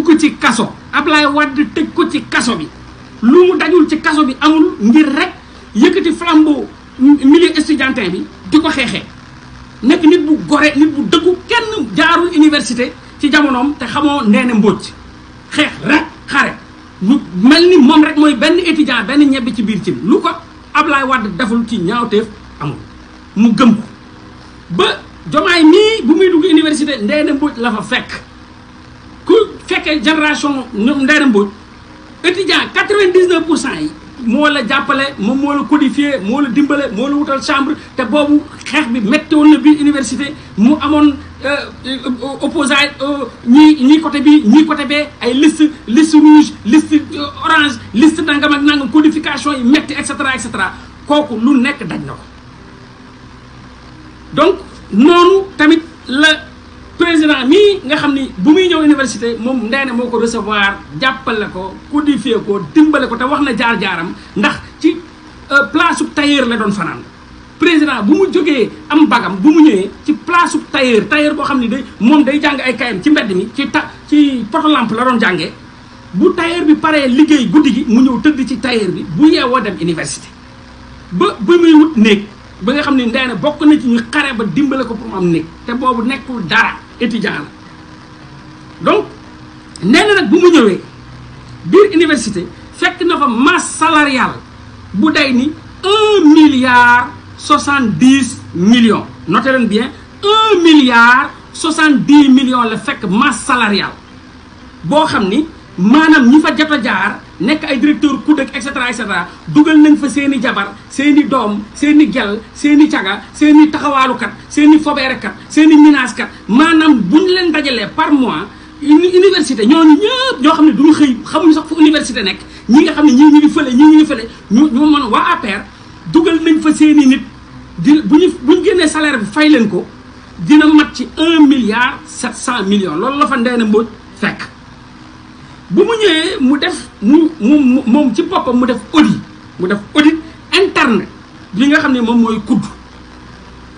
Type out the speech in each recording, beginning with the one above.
yóbbu ko ci kaso Ablaye wadd tëj ko ci kaso bi lu mu dajul ci kaso bi amul ngir rek yëkkati flambeau milieu estudiantin bi di ko xeexee nekk nit bu gore nit bu dëggu kenn jaarul université ci jamonoom te xamoo nee na mbóoj xeex rek xare lu mel ni moom rek mooy benn étudiant benn ñebbi ci biir ci lu ko Ablaye Wade deful ci ñaawteef amul mu gëm ko ba jomaay mii bu muy dugg université ndee mbóoj la fa fekk ku fekkee génération ñoom Ndeye Mbodj étudiant quatre-vingt-dix-neuf pour cent yi moo la jàppale moom moo la codifié moo la dimbale moo la wutal chambre te boobu xeex bi méttewoon na biir université mu amoon euh, opposant euh, ñii ñii côté bi ñii côté bee ay liste liste rouge liste euh, orange liste nangam ak codification yi métti et cetera et kooku lu nekk dañ na ko donc noonu tamit la président nii nga xam ni bu muy ñëw université moom Ndeye moo ko recevoir jàppale ko codifié ko dimbale ko te wax na jaar-jaaram ndax ci euh, place su tailleur la doon fanaan. président bu mu jógee am bagam bu mu ñëwee ci place su tailleur tailleur boo xam ni day moom day jàng ay kayam ci mbedd mi ci ta ci poto làmp la doon jàngee bu tailleur bi paree liggéey guddi gi mu ñëw tëdd ci tailleur bi bu yeewoo dem université ba ba muy wut néeg ba nga xam ni Ndeye bokk na ci ñu ba dimbale ko pour mu am néeg te boobu nekkul dara. étudiant donc nee na nag bu mu ñëwee biir université fekk na fa masse salariale bu day ni un milliard soixante dix millions notez leen bien un milliard soixante dix millions la fekk masse salariale boo xam ni maanam ñi fa jot a jaar nekk ay directeur COUD ak et cetera et cetera dugal nañ fa seeni jabar seeni doom seen i gel seen i caga seen i taxawaalukat seen i fobeerekat seen i minaaskat maanaam bu ñu leen dajalee par mois université ñooñu ñëpp ñoo xam ne duñu xëy xamuñu sax fu université nekk ñi nga xam ne ñii ñu ngi fële ñii ñu ngi fële ñu ñu mën waa APR dugal nañ fa seeni nit di bu ñu bu ñu génnee salaire bi fay leen ko dina mat ci un milliard sept cent millions loolu la fa Ndeye Mbodj fekk bu mu ñëwee mu def mu mu moom ci poppam mu def audit mu def audit internet li nga xam ne moom mooy kudd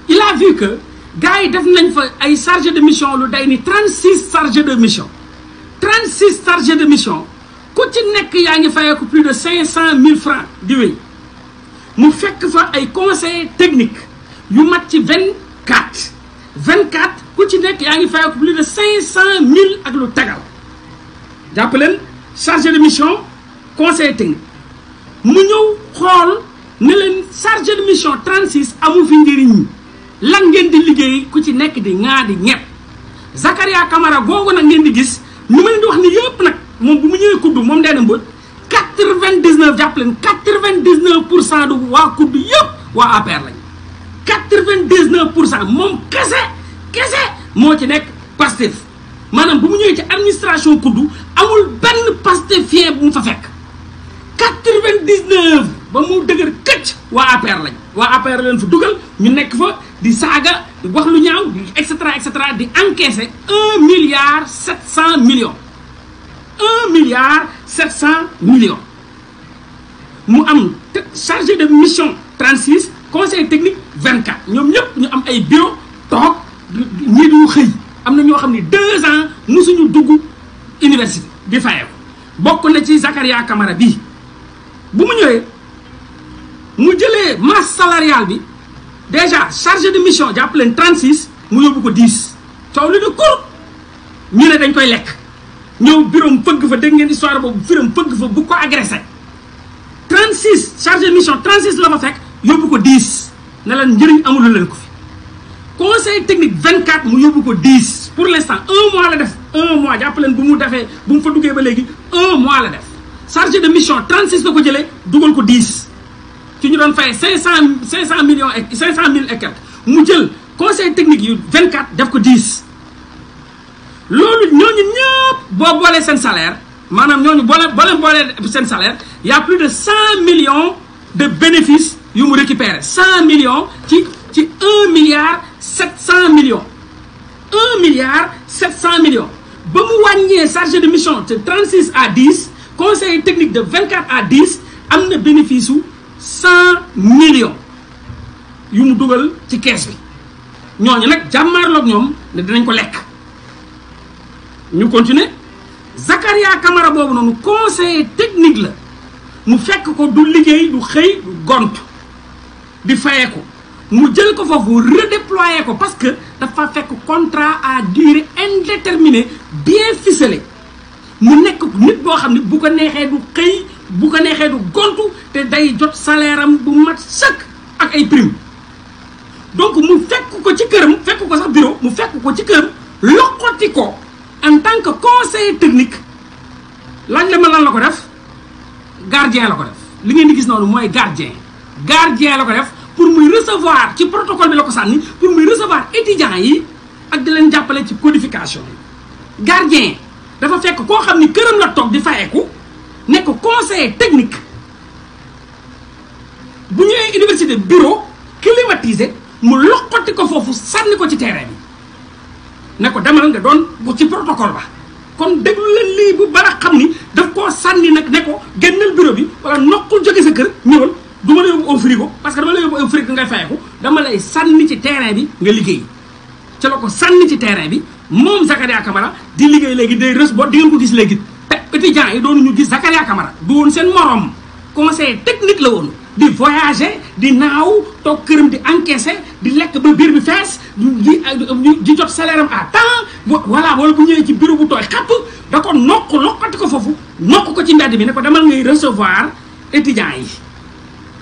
il a vu que gars yi def nañ fa ay chargé de mission lu day ni 36 chargé de mission 36 chargé de mission ku ci nekk yaa ngi fayeeku plus de 500 000 francs di wéy mu fekk fa ay conseil technique yu mat ci 24 24 ku ci nekk yaa ngi fayeeku plus de 500 000 ak lu tegal jàpp leen chargé de mission conseil technique mu ñëw xool ne leen chargé de mission amu fi njëriñ lan ngeen di liggéey ku ci nekk di ñaa di ñett Zakaria Camara googu nag ngeen di gis ñu ma leen di wax ni yëpp nag moom bu mu ñëwee kudd moom dee na mbët 99 jàpp leen 99 pour cent du waa kudd yëpp waa APR lañ 99 pour cent moom kese kese moo ci nekk Pastef maanaam bu mu ñëwee ci administration kuddu amul benn pastefien bu mu fekk quatre-vingt-dix-neuf ba mu dëgër këcc waa APR lañ waa APR leen fa dugal ñu nekk fa di saaga di wax lu ñaaw di et cetera di encaisser un milliard sept cent millions un milliard sept cent millions mu am chargé de mission 36 conseil technique 24 ñoom ñëpp ñu am ay bureau toog ñii du xëy am na ñoo xam ne deux ans suñu dugg université di fayee ko bokk na ci Zakaria kamara bi bu mu ñëwee mu jëlee masse salariale bi déjà chargé de mission jàpp leen 36 mu yóbbu ko 10 coow li di kur ñu ne dañ koy lekk ñëw biroom fëgg fa dégg ngeen histoire boobu biroom fëgg fa bu ko agressé 36 chargé de mission 36 la ma fekk yóbbu ko 10 ne leen njëriñ amulu leen ko conseil technique 24 mu yóbbu ko 10 pour l' instant un mois la def un mois jàppaleen leen bu mu defee bu mu fa duggee ba léegi un mois la def chargé de mission 36 la ko jëlee dugal ko 10 ci ñu doon fay cinq 500 millions et 500 mille et quelque mu jël conseil technique yu 24 def ko 10 loolu ñooñu ñëpp boo boolee seen salaire maanaam ñooñu boole boole boolee seen salaire y' a plus de 100 millions de bénéfice yu mu récupéré 100 millions ci ci 1 milliard. sept cent millions un milliard sept cent millions ba mu wàññee chargé de mission de trente six à dix conseil technique de vingt quatre à am na bénéfice su cent millions yu mu dugal ci kees bi ñooñu nag jàmmaarloog ñoom ne dinañ ko lekk ñu continuer Zakaria Camara boobu noonu conseiller technique la mu fekk ko du liggéey du xëy du gont di fayee ko mu jël ko foofu redéployer ko parce que dafa fekk contrat à durée indéterminée bien ficelé mu nekk nit boo xam ne bu ko neexee du xëy bu ko neexee du gontu te day jot salaire am bu mat sëkk ak ay prime donc mu fekk ko ci këram fekk ko sax bureau mu fekk ko ci këram loqoti ko en tant que conseiller technique lañ la ma la ko def gardien la ko def li ngeen di gis noonu mooy gardien gardien la ko def pour muy recevoir ci protocole bi la ko sànni pour muy recevoir étudiants yi ak di leen jàppale ci codification yi. gardien dafa fekk koo xam ni këram la toog di fayeku nekk conseiller technique bu ñëwee université bureau climatisé mu loqati ko foofu sànni ko ci terrain bi ne ko demal nga doon bu ci protocole ba. kon déglu leen lii bu bara xam ni daf koo sànni nag ne ko génnal bureau bi wala noqul jóge sa kër ñëwal du ma la yóbbu au frigo parce que dama la yóbbu au frigo ngay fayeku dama lay sànni ci terrain bi nga liggéey ca la ko sànni ci terrain bi moom Zakaria Camara di liggéey léegi day rës boo di ngeen ko gis léegi te étudiants yi doonu ñu gis Zakaria Camara du woon seen morom conseiller technique la woon di voyager di naaw toog këram di encaisser di lekk ba biir bi fees di di jot salaire am à temps voilà wala bu ñëwee ci bureau bu tooy xapp da ko nokk lokkati ko foofu nokk ko ci mbedd bi ne ko demal ngay recevoir étudiants yi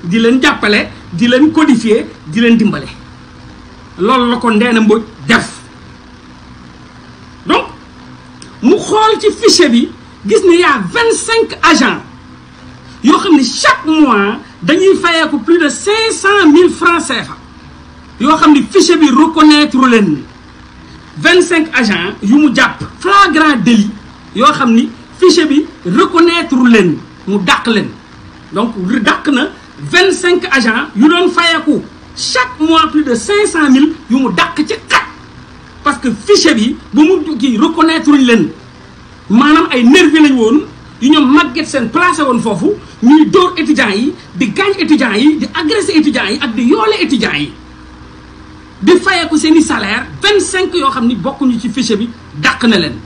di leen jàppale di leen codifier di leen dimbale loolu la ko Ndeena Mbodj def donc mu xool ci fichier bi gis ne y vingt cinq agents yoo xam ne chaque mois dañuy fayeeku plus de cinq cent mille francs CFA yoo xam ne fichier bi reconnaître leen ni vingt cinq agents yu mu jàpp flagrant délit yoo xam ni fichier bi reconnaître leen mu dàq leen donc dàq na vingt cinq agent yu doon fayeeku chaque mois plus de cinq cent mille yu mu dàq ci xat parce que fichier bi bu mu kii reconnaître ñu leen maanaam ay nervi lañ woon yu ñoom màgget seen placé woon foofu ñuy dóor étudiants yi di gaañ étudiants yi di agressé étudiants yi ak di yoole étudiants yi di fayeeku seen i salaire vingt cinq yoo xam ni bokkuñu ci fichier bi dàq na leen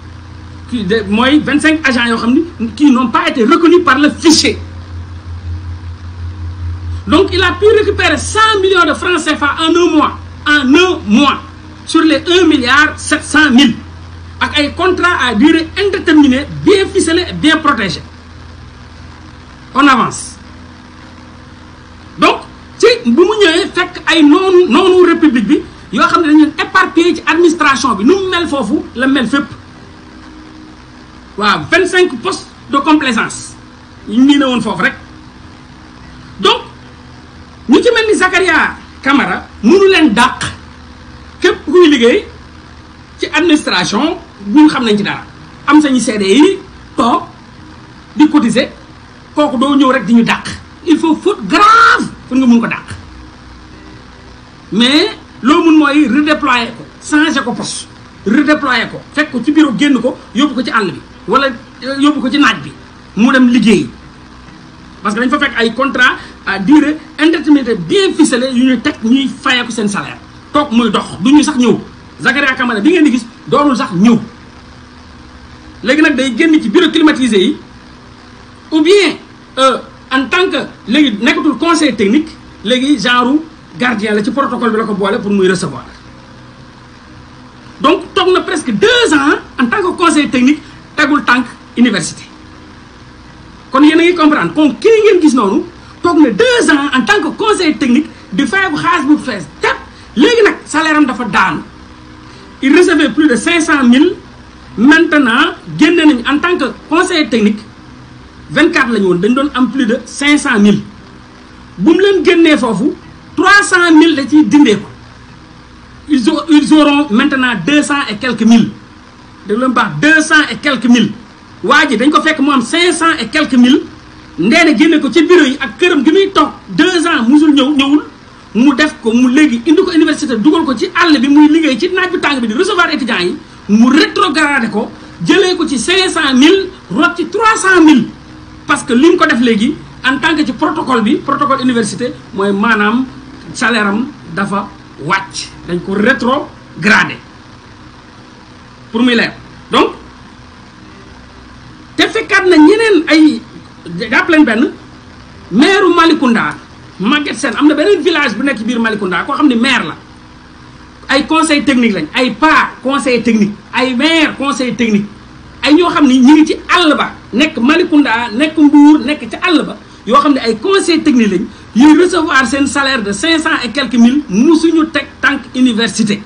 kii de mooy vingt cinq agent yoo xam ni kii noon pas été reconnus par le fichier Donc il a pu récupérer 100 millions de francs CFA en un mois. En un mois. Sur les 1 milliard cent 000. ak ay contrat à durée indéterminée, bien ficelé et bien protégé. On avance. Donc, si nous fait non, non république, nous avons éparpillé l'administration. Nous avons fait le même fait. waaw vingt cinq postes de complaisance ñu nii woon foofu rek Yaya Camara mënu leen dàq képp kuy liggéey ci administration buñ xam nañ ci dara am sañu seede yi toog di cotiser kooku doo ñëw rek di ñu dàq il faut faute grave pour nga mun ko dàq mais loo mun mooy redéployer ko changer ko poste redéployer ko fekk ko ci biiru génn ko yóbbu ko ci àll bi wala yóbbu ko ci naaj bi mu dem liggéey parce que dañ fa fekk ay contrat à durée indéterminée bien ficelée yu ñu teg ñuy fayeeku seen salaire toog muy dox du ñu sax ñëw Zakaria Camara bi ngeen di gis doonul sax ñëw léegi nag day génn ci bureau climatisé yi ou bien euh, en tant que léegi nekkatul conseil technique léegi genre gardien la ci protocole bi la ko boole pour muy recevoir donc toog na presque deux ans en tant que conseil technique tegul tànk université kon yéen a ngi comprendre kon kii ngeen gis noonu toog na deux ans en tant que conseiller technique di fay bu xaalis bu fees tepp léegi nag salaire dafa daanu il recevait plus de cinq cent mille maintenant génne nañ en tant que conseiller technique vingt quatre la ñu woon dañ doon am plus de cinq cent mille bu mu leen génnee foofu trois cent mille da ciy dindee ko ils ont ils maintenant deux cent et quelques da leen baax deux cent et quelques mille waa ji dañ ko fekk mu am cinq cent et quelques mille ndeena génne ko ci bureau yi ak këram gi muy toog deux ans musul ñëw ñëwul mu def ko mu léegi indi ko université dugal ko ci àll bi muy liggéey ci naaj bu tàng bi di recevoir étudiants yi mu rétrogradé ko jëlee ko ci cinq cent mille rob ci trois cent mille parce que li ñu ko def léegi en tant que ci protocole bi protocole université mooy maanaam salaire dafa wàcc dañ ko rétrogradé pour muy leer donc te fekkaat na ñeneen ay jàpp lañ benn maire Malicounda magget seen am na beneen village bu nekk biir Malicounda koo xam ne maire la ay conseil technique lañ ay pas conseil technique ay maire conseil technique ay ñoo xam ni ñu ngi ci àll ba nekk Malicounda nekk Mbour nekk ci àll ba yoo xam ne ay conseil technique lañ yuy recevoir seen salaire de cinq cent et quelques mille musuñu teg tànk université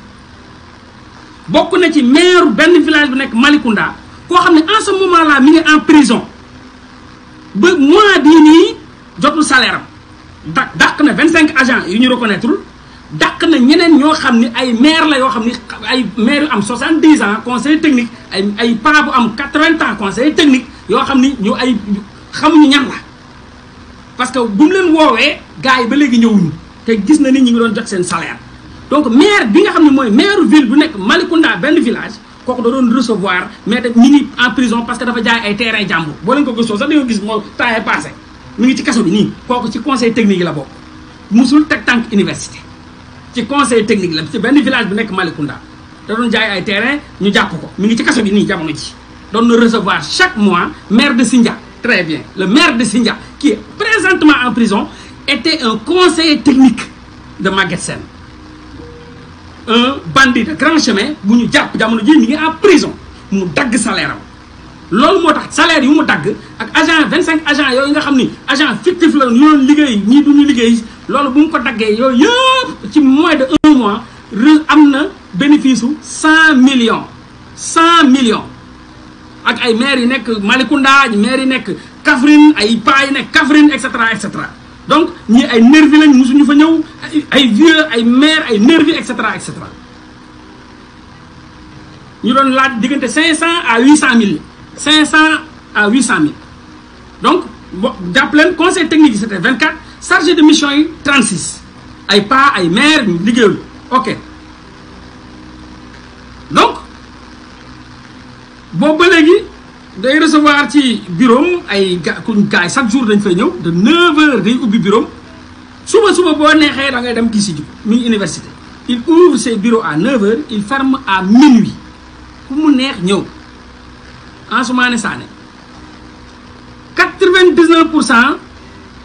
bokk na ci maire benn village bu nekk Malicounda koo xam ne en ce moment là en prison ba mois bii nii jotul salaire am da na vingt cinq agents yu ñu reconnaître dàq na ñeneen ñoo xam ni ay maire la yoo xam ne ay maire yu am soixante dix ans conseil technique ay ay pa bu am quatre vingt ans conseil technique yoo xam ni ñu ay xamuñu ñan la parce que bu mu leen woowee gars yi ba léegi ñëwuñu te gis na ni ñu ngi doon jot seen salaire donc maire bi nga xam ne mooy maire ville bu nekk Malicounda benn village kooku da doon recevoir mais de mi ngi en prison dafa jaay ay terrain jàmbur boo leen ko gëstoo sax di nga gis moo taayee passé mi ngi ci kaso bi nii kooku ci conseil technique yi la bokk musul teg tànk université ci conseil technique la ci benn village bu nekk Malicounda da doon jaay ay terrain ñu jàpp ko mu ngi ci kaso bi nii jamono ji doon na recevoir chaque mois maire de Sindia très bien le maire de Sindia ki est présentement en prison était un conseiller technique de Maguette Sène un bandit de grand chemin bu ñu jàpp jamono ji mi ngi en prison mu dagg salaire loolu moo tax salaire yu mu dagg ak agent vingt cinq agent yooyu nga xam ni agent fictif la ñu liggéey ñii du liggéey loolu bu mu ko daggee yooyu yëpp ci mois de un mois re am na bénéfice su cent millions cent millions ak ay maires yu nekk Malicounda ay maires yu nekk Kaffrine ay paa yu nekk Kaffrine et cetera et cetera donc ñii ay nervi lañ musuñu fa ñëw ay vieux ay maire ay nervi et cetera et cetera ñu doon laaj diggante cinq cent à huit cent mille cinq cent à huit cent mille donc bo jàpp leen conseil technique yi c'était vingt quatre chargé de mission yi trente six ay pas ay maire liggéeyul ok donc boobu ba léegi day recevoir ci bureau ay ga kuñ gaay chaque jour dañ fay ñëw de 9h day ubbi bureau suba suba boo neexee dangay dem kii si jub muy université il ouvre ses bureaux à 9h il ferme à minuit ku mu neex ñëw Ansoumana Sané 99 pour cent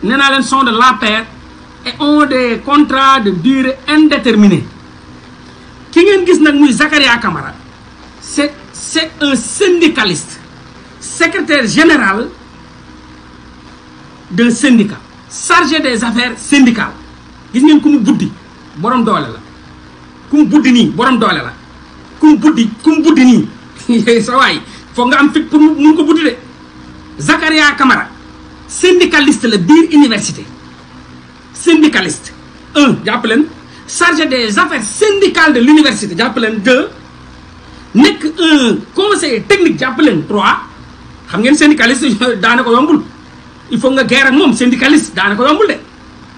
nee naa leen sont de la paix et ont des contrats de durée indéterminée ki ngeen gis nag muy Zakaria Camara c'est c'est un syndicaliste. secrétaire général de syndicat chargé des affaires syndicales gis ngeen ku mu buddi borom doole la ku mu buddi nii borom doole la ku mu buddi ku mu buddi nii sa waay foog nga am fit pour mu ko buddi de Zakaria Camara syndicaliste la biir université syndicaliste un jàpp leen chargé des affaires syndicales de l'université jàpp leen deux nekk un conseiller technique jàppaleen leen xam ngeen syndicaliste daana ko yombul il faut nga guerre ak moom syndicaliste daana ko yombul de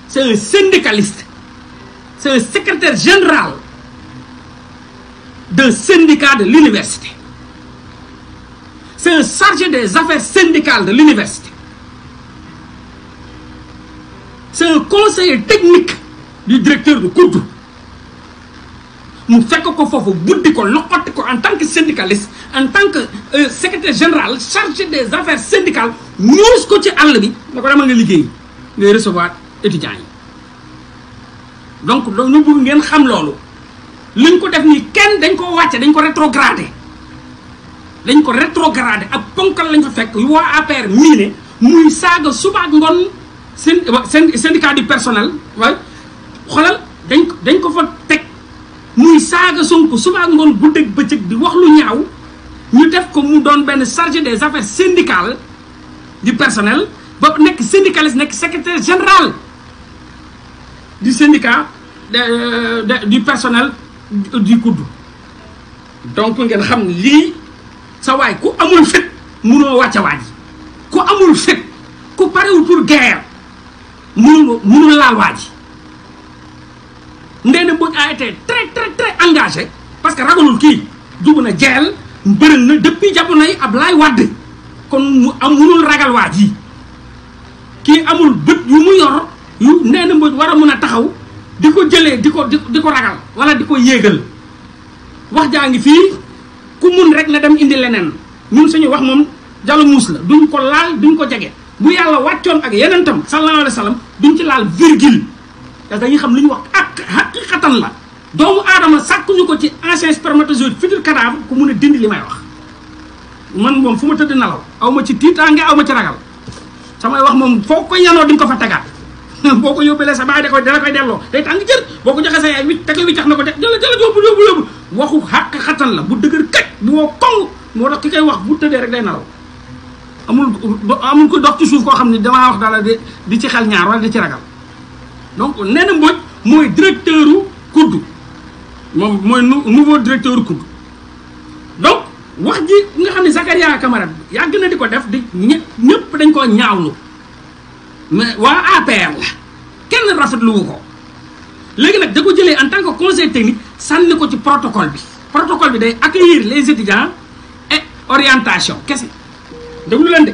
c'est un syndicaliste secretaire un secrétaire général de l'université c'est un chargé des affaires syndicales de l'université c'est un conseiller technique du directeur de Coudre mu fekk ko foofu buddi ko loxoti ko en tant que syndicaliste en tant que euh, secrétaire général chargé des affaires syndicales muus ko ci àll bi da ko demal nga liggéey ngay recevoir étudiants yi donc ñu bëgg ngeen xam loolu liñ ko def nii kenn dañ ko wàcce dañ ko rétrogradé dañ ko rétrogradé ak ponkal lañ fa fekk yu waa APR mii ne muy saaga suba ak ngoon seen syndicat du personnel waaye xoolal dañ dañ ko fa teg muy saaga Sonko suba ak ngoon guddeeg bëccëg di wax lu ñaaw ñu def ko mu doon benn chargé des affaires syndicales di personnel ba nekk syndicaliste nekk secrétaire général di syndicat di euh, personnel du COUD donc ngeen xam lii sa waay ku amul fit munoo wàcce waaj ku amul fit ku parewul pour guerre munu munu laal waaj Ndéné Mbodj a été très très très engagé parce que ragalul kii dugg na jeel mbërën na depuis ab Ablaye Wade kon mu am munul ragal waa ji kii amul bët yu mu yor yu Ndéné Mbodj war a mun a taxaw di ko jëlee di ko di ko ragal wala di ko yéegal wax jaa ngi fii ku mun rek na dem indi leneen ñun suñu wax moom jalu muus la duñ ko laal duñ ko jege bu yàlla wàccoon ak yeneen tam sallallahu alayhi wa sallam duñ ci laal virgule parce que dañuy xam lu ñu wax xaqiqatan la doomu aadama sàkkuñu ko ci ancien spermatozoïde futur cadavre ku mun a dindi li may wax man moom fu ma tëdd nelaw aw ma ci tiitaange aw ma ci ragal samay wax moom foo ko yanoo di nga ko fa tegaat boo ko yóbbeelee sa baay da koy dala koy delloo ko joxee sa te koy wiccax na ko de jëla jëla yóbbu yóbbu yóbbu waxu xaqiqatan la bu dëgër kaj bu woo kong moo tax ki koy wax bu tëddee rek day nelaw amul amul ko dox ci suuf koo xam ne damaa wax dala di ci xel ñaar wala di ci ragal donc nee na mooy directeur u kudd moom mooy nouveau directeur u kudd donc wax ji nga xam ne Zakaria Camara yàgg na di ko def di ñëpp dañ koo ñaawlu mais waa APR la kenn rafetluwu ko léegi nag da ko jëlee en tant que conseil technique sànni ko ci protocole bi protocole bi day accueillir les étudiants et orientation kese déglu leen de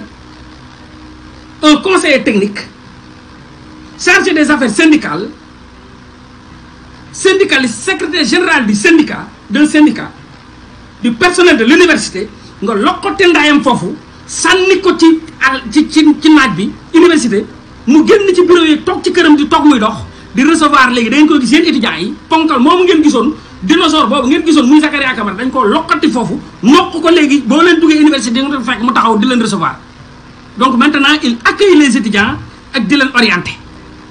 un conseiller technique chargé des affaires syndicales syndicaliste secrétaire général du syndicat d'un syndicat du personnel de l'université nga loqote ndaayam foofu sànni ko ci al ci ci ci naaj bi université mu génn ci bureau yi toog ci këram di toog muy dox di recevoir léegi da ngeen koy gis yéen yi ponkal moomu ngeen gisoon dinosaure boobu ngeen gisoon muy Zakaria Camara dañ ko loqati foofu noq ko léegi boo leen duggee université di nga doon fekk mu taxaw di leen recevoir donc maintenant il accueille les étudiants ak di leen orienté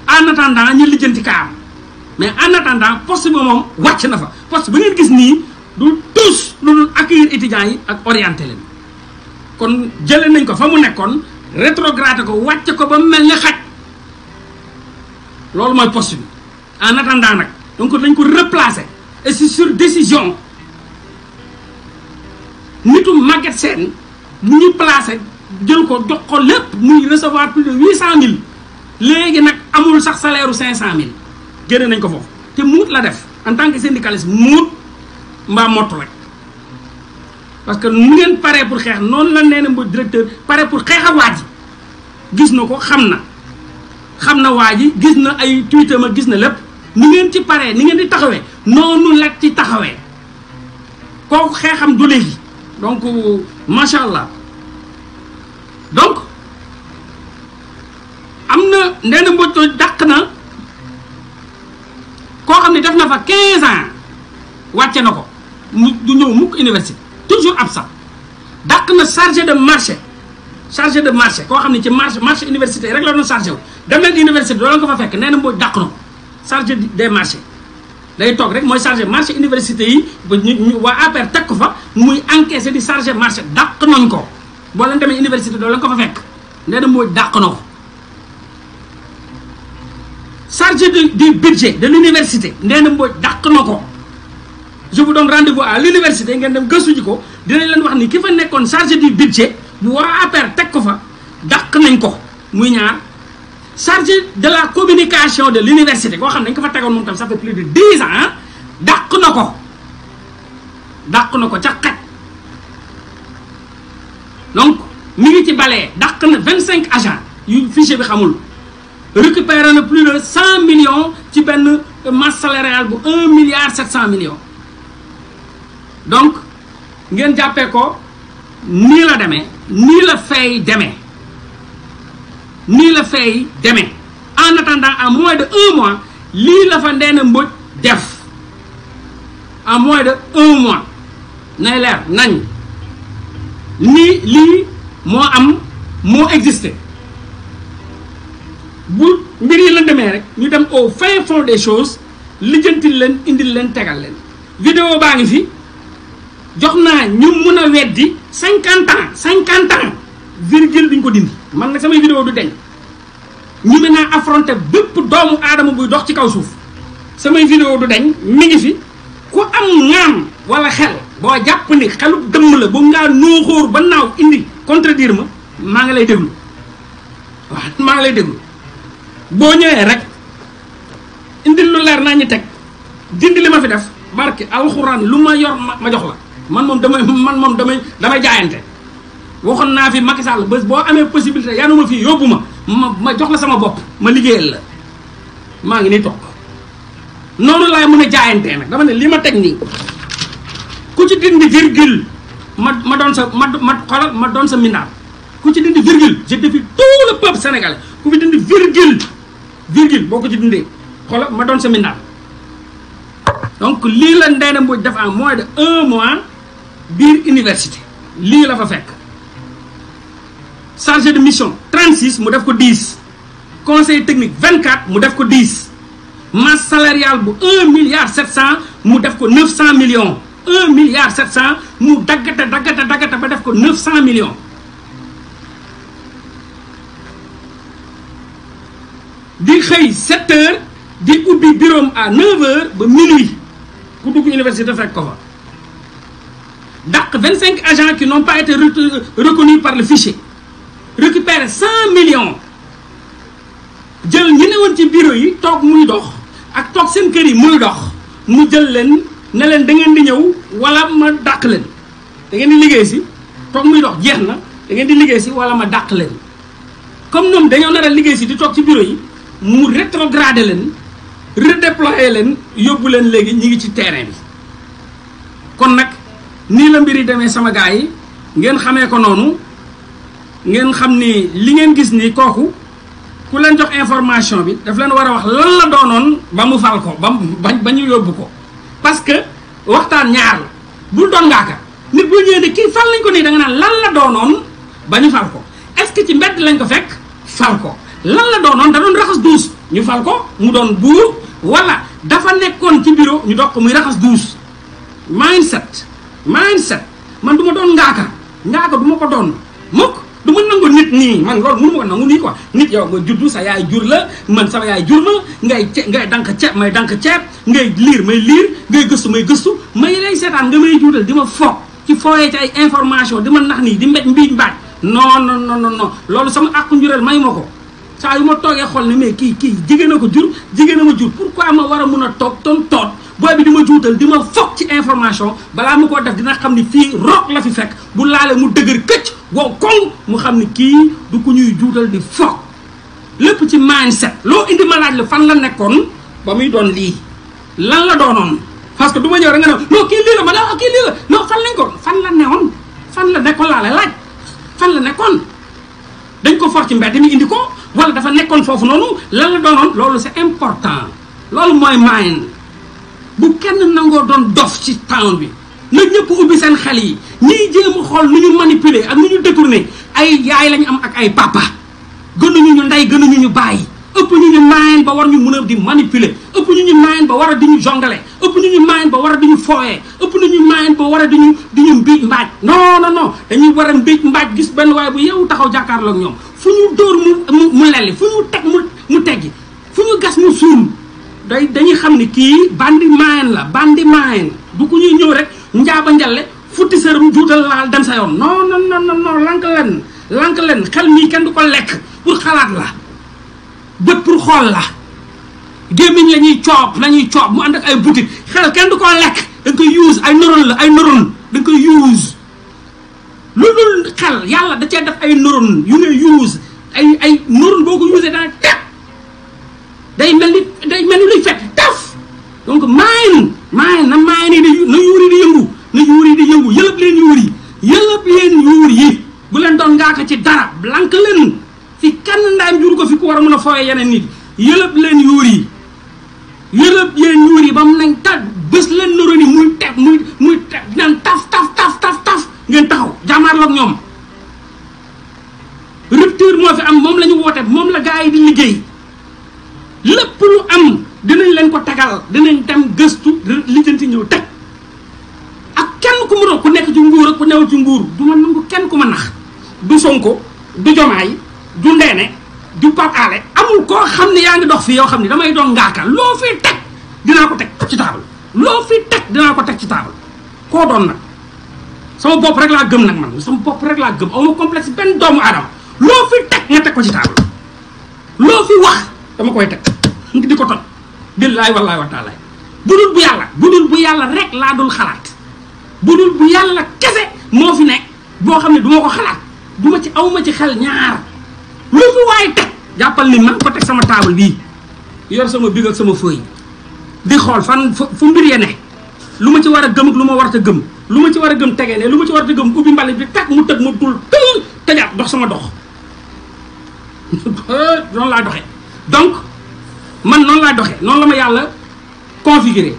en attendant ñu lijjanti kaam mais en attendant poste bi moom wàcc na fa poste ba ngeen gis nii du tous lu dul accueillir étudiants yi ak orienté kon jële nañ ko fa mu nekkoon rétrogradé ko wàcce ko ba mu mel ni xaj loolu mooy poste bi en attendant nag donc dañ ko replacer et c'est sur décision nitu Maguette Sène mu ñu placé jël ko jox ko lépp mu muy recevoir plus de huit cent mille léegi nag amul sax salaire u cinq cent mille génne nañ ko foofu te muut la def en tant que syndicaliste muut mbaa mott rek parce que nu ngeen paree pour xeex noonu la nee na mba pare pour xeex a waa ji gis na ko xam na xam na waa ji gis na ay tuite a gis na lépp ni ngeen ci paree ni ngeen di taxawee noonu la ci taxawee kooku xeexam du léegi donc macha allah donc am na nee na daq dàq na koo xam ne def na fa 15 ans wàcce na ko mu du ñëw mukk université toujours ab sax dàq na chargé de marché chargé de marché koo xam ne ci marché marché université rek la doon chargé wu dem leen université doo leen ko fa fekk nee na mooy dàq na des marchés day toog rek mooy chargé marché université yi ba ñu waa APR teg ko fa muy encaissé di chargé marché dàq nañ ko boo leen demee université doo leen ko fa fekk nee na mooy dàq na ko chargé du budget de l'université Ndéna Mbodj dàq na ko je vous donne rendez-vous à l'université ngeen dem gëstu ji ko dinañ leen wax ni ki fa nekkoon chargé du budget bu war teg ko fa dàq nañ ko muy ñaar chargé de la communication de l'université koo xam ne dañ ko fa tegoon moom tam ça fait plus de dix ans dàq na ko daq na ko ca xaj donc mi ngi ci balee dàq na vingt cinq agents yu fichier bi xamul récupéré na plus de million ci benn masse bu un milliard sept cent donc ngeen jàppee ko nii la demee nii la fay demee nii la fay demee en attendant en moins de un mois lii la fa Ndéné Mbodj def en moins de un mois nay leer nañ nii lii moo am moo existé bu mbir yi la demee rek ñu dem au fin fond des choses lijjantil leen indil leen tegal leen. vidéo baa ngi fi jox naa ñu mun a weddi cinquante ans cinquante ans virgule duñ ko dindi man nag samay vidéo du deñ ñu mën afronte affronter bépp doomu aadama buy dox ci kaw suuf samay vidéo du deñ mi ngi fi ku am ngaam wala xel boo jàpp ni xelu dëmm la bu ngaa nooxóor ba naaw indi contredire ma maa ngi lay déglu waaw maa ngi lay déglu boo ñëwee rek indi lu leer naa ñi teg dindi li ma fi def barki alxuraan lu ma yor ma jox la man moom damay man moom damay damay jaayante waxoon naa fi Macky Sall boo amee possibilité yanu ma fii yóbbu ma ma jox la sama bopp ma liggéeyal la maa ngi nii toog noonu laay mën a jaayantee nag dama ne li ma teg nii ku ci dindi virgule ma ma doon sa ma ma xoolal ma doon sa mindaar ku ci dindi virgule je défie tout le peuple sénégalais ku fi dindi virgule virgule boo ko ci dundee xoola ma doon séminaire donc lii la Ndeye Mbodj def en mois de un mois biir université lii la fa fekk chargé de mission trent 36 mu def ko 10 conseil technique 24 mu def ko 10 masse salariale bu 1 milliard cent mu def ko 900 millions 1 milliard 700 mu daggate daggate daggate ba def ko 900 million di xëy 7 heures di ubbi bureau à 9 heures ba minuit ku dugg université fekk ko fa dàq 25 agents qui n'ont pas été reconnus par le fichier récupérer 100 millions jël ñi ne woon ci bureau yi toog muy dox ak toog seen kër yi muy dox mu jël leen ne leen da ngeen di ñëw wala ma dàq leen da di liggéey si toog muy dox jeex na da ngeen di liggéey si wala ma dàq leen comme ñoom dañoo nar a liggéey si di toog ci bureau yi. mu rétrogradé leen redéployé leen yóbbu leen léegi ñi ngi ci terrain bi kon nag nii la mbir yi demee sama gars yi ngeen xamee ko noonu ngeen xam ni li ngeen gis nii kooku ku leen jox information bi daf leen war a wax lan la doonoon ba mu fal ko ba ba ñu yóbbu ko parce que waxtaan ñaar la bul doon ngaaka nit bu ñëwee ne kii fal lañ ko nii da nga naan lan la doonoon ba ñu fal ko est-ce que ci mbedd lañ ko fekk fal ko lan la doonoon da doon raxas duus ñu fal ko mu doon buur wala dafa nekkoon ci bureau ñu dox ko muy raxas duus mindset set man duma doon ngaaka ngaaka du ma ko doon mukk du ma nangu nit nii man loolu mënu ma ko nangu nii quoi nit yow nga juddu sa yaay jur la man sama yaay jur la ngay ce ngay dank ceeb may dank ceeb ngay liir may liir ngay gëstu may gëstu may lay seetaan nga may juutal di ma foog ci fooyee ci ay information di ma nax nii di mbet mbiiñ mbaaj non non non non non loolu sama àqu njureel may ma ko saa yu ma toogee xool ne mais kii kii jigéen a ko jur jigéen a ma jur pourquoi ma war a mun a toog ton toot booy bi di ma juutal di ma foog ci information balaa mu ko def dina xam ni fii roc la fi fekk bu laalee mu dëgër këcc wow koŋ mu xam ni kii du ko ñuy juutal di foog lépp ci set loo indi ma laaj la fan la nekkoon ba muy doon lii lan la doonoon parce que du ma ñëw rek nga ne non kii lii la ma ah, la non fan lañ ko fan la newoon fan la nekkoon laa la laaj fan la nekkoon dañ ko for ci mbedd mi indi ko wala dafa nekkoon foofu loolu lan la doonoon loolu c'est important loolu mooy mind bu kenn nangoo doon dof ci town bi na ñëpp ubbi seen xel yi ñiy jéem a xool nu ñu manipuler ak nu ñu détourner ay yaay lañu am ak ay papa gënuñu ñu ndey gënuñu ñu ñu bàyyi ëpp ñu ñu mind ba war ñu mun a di manipuler ëpp ñu ñu mind ba war a di ñu jongale ëpp ñu ñu mind ba war a di ñu fooyee ëpp ñu ñu mind ba war a di ñu di ñu mbiij mbaaj non non non dañuy war a mbiij mbaaj gis benn waaye bu yow taxaw jàkkaarloog ñoom fu ñu dóor mu mu lelli fu ñu teg mu mu teggi fu ñu gas mu suum day dañuy xam ni kii bandi maayen la bandi maayen du ko ñuy ñëw rek njaaba njalle futti sëram juutal laal dem sa yoon non non non lank leen lank leen xel mii kenn du ko lekk pour xalaat la bët pour xool la gémmiñ lañuy ñuy lañuy la mu ànd ak ay boutique xel kenn du ko lekk da nga koy use ay neurones la ay neurones da nga koy use lu dul xel yàlla da cee def ay neurones yu ngay use ay ay neurones boo ko usee dana teg day mel ni day mel ni luy fekk taf donc maayin maayin na maayin yi di na yuur yi di yëngu na yuur yi yëlëb leen yuur bu leen doon ngaaka ci dara lank leen fi kenn ndaam jur ko fi ku war a mën fooye yeneen nit yëlëb leen yuur yi yëlëb leen yuur yi ba mu nañ tag bés leen neurones yi muy teg muy muy teg naan taf taf taf taf ngeen taxaw jàmmaarloog ñoom rupture moo fi am moom lañu ñu woote moom la gaa yi di liggéey lépp lu am dinañ leen ko tagal dinañ dem gëstu lijjanti ñëw teg ak kenn ku mu doon ku nekk ci nguur ak ku newul ci nguur du ma kenn ku ma nax du Sonko du Jomaay du Ndeene du Pape Alé amul koo xam ne yaa ngi dox fii yoo xam ne damay doon ngaaka loo fi teg dinaa ko teg ci taabal loo fi teg dinaa ko teg ci taabal koo doon nag sama bopp rek laa gëm nag man sama bopp rek laa gëm awma complexe benn doomu aadama loo fi teg nga teg ko ci table loo fi wax dama koy teg ngi di ko toj bu dul bu yàlla bu dul bu yàlla rek laa dul xalaat bu dul bu yàlla kese moo fi nekk boo xam ne duma ma ko xalaat du ma ci awma ci xel ñaar loo fi waaye teg jàppal ni man ko teg sama table bii yor sama big sama feuille di xool fan fu mbir ne lu ma ci war a gëm lu ma war a gëm lu ma ci war a gëm tegee lee lu ma ci war a gëm ubbi mbalit bi tag mu tëg ma dul tël tëjaat dox sama dox noonu laa doxe donc man noonu laa doxe noon la ma yàlla configure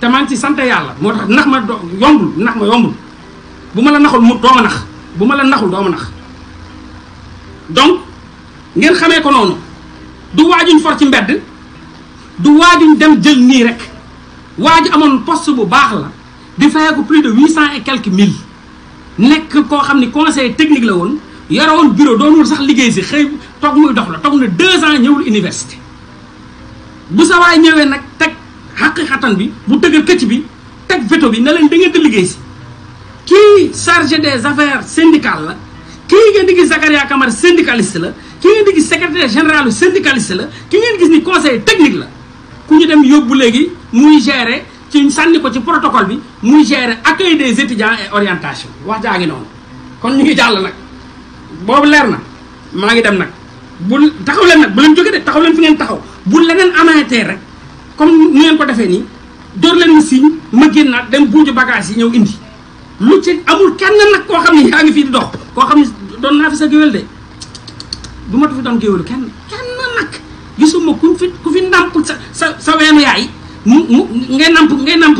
te maa ngi ci sant yàlla moo tax nax ma do yombul nax ma yombul bu ma la naxul mu doo nax bu ma la naxul doo nax donc ngeen xamee ko noonu du waajuñ for ci mbedd du waajuñ dem jël nii rek waaju amoon post bu baax la di fayeeku plus de huit cent et quelques mille nekk koo xam ni conseil technique la woon yore woon bureau doonul sax liggéey si xëy toog muy dox la toog na deux ans ñëwul université bu sa waay ñëwee nag teg xaqiqatan bi bu dëgër këcc bi teg veto bi na lañ da ngeen di liggéey si kii chargé des affaires syndicales la kii ngeen di gis Zakaria Camara syndicaliste la ki ngeen di gis secrétaire général la ki ngeen gis ni conseil technique la ku ñu dem yóbbu léegi muy gérer ci sànni ko ci protocole bi muy gérer accueil des étudiants et orientation waa jaa ngi noonu kon ñu ngi jàll nag boobu leer na maa ngi dem nag bu taxaw leen nag bu leen jóge de taxaw leen fi ngeen taxaw bu leneen amaatee rek comme ni ngeen ko defee nii door leen mu signe ma génnaat dem buuju bagage yi ñëw indi lu ci amul kenn nag koo xam ne yaa ngi fii di dox koo xam ne doon naa fi sa géwél de du ma fi doon géwélu kenn kenn nag gisuma ku fi ku fi ndàmpul sa sa sa yaay mu mu ngay namp ngay namp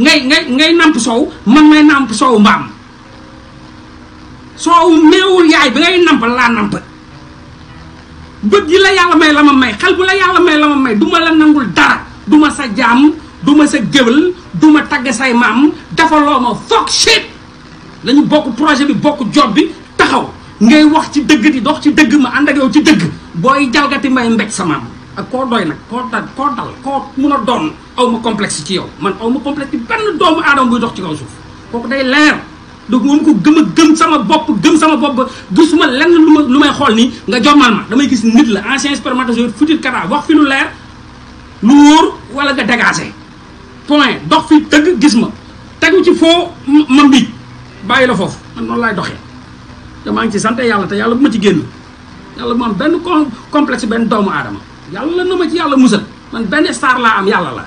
ngay ngay ngay namp soow man may namp soow mbaam soow meewul yaay bi ngay namp laa namp bët yi la yàlla may la ma may xel bu la yàlla may la ma may duma la nangul dara duma sa jaam duma sa géwél duma tagg say maam defaloo ma foog shit dañu bokk projet bi bokk job bi taxaw ngay wax ci dëgg di dox ci dëgg ma ànd ak yow ci dëgg booy jalgati may mbéj sa maam ak koo doy nag koo dal koo dal koo mun a doon aw ma ci yow man aw ma complexe ci benn doomu aadama buy dox ci kaw suuf kooku day leer donc moom ko gëm a gëm sama bopp gëm sama bopp ba gisuma lenn lu ma lu may xool nii nga jommal ma damay gis nit la ancien spermatozoïde futur kata wax fi lu leer lu wóor wala nga dégagé point dox fi dëgg gis ma tegu ci foo ma mbiij bàyyi la foofu man noonu laay doxee te maa ngi ci sant yàlla te yàlla bu ma ci génn yàlla bu ma am benn complexe benn doomu aadama yàlla na ma ci yàlla musal man benn star laa am yàlla la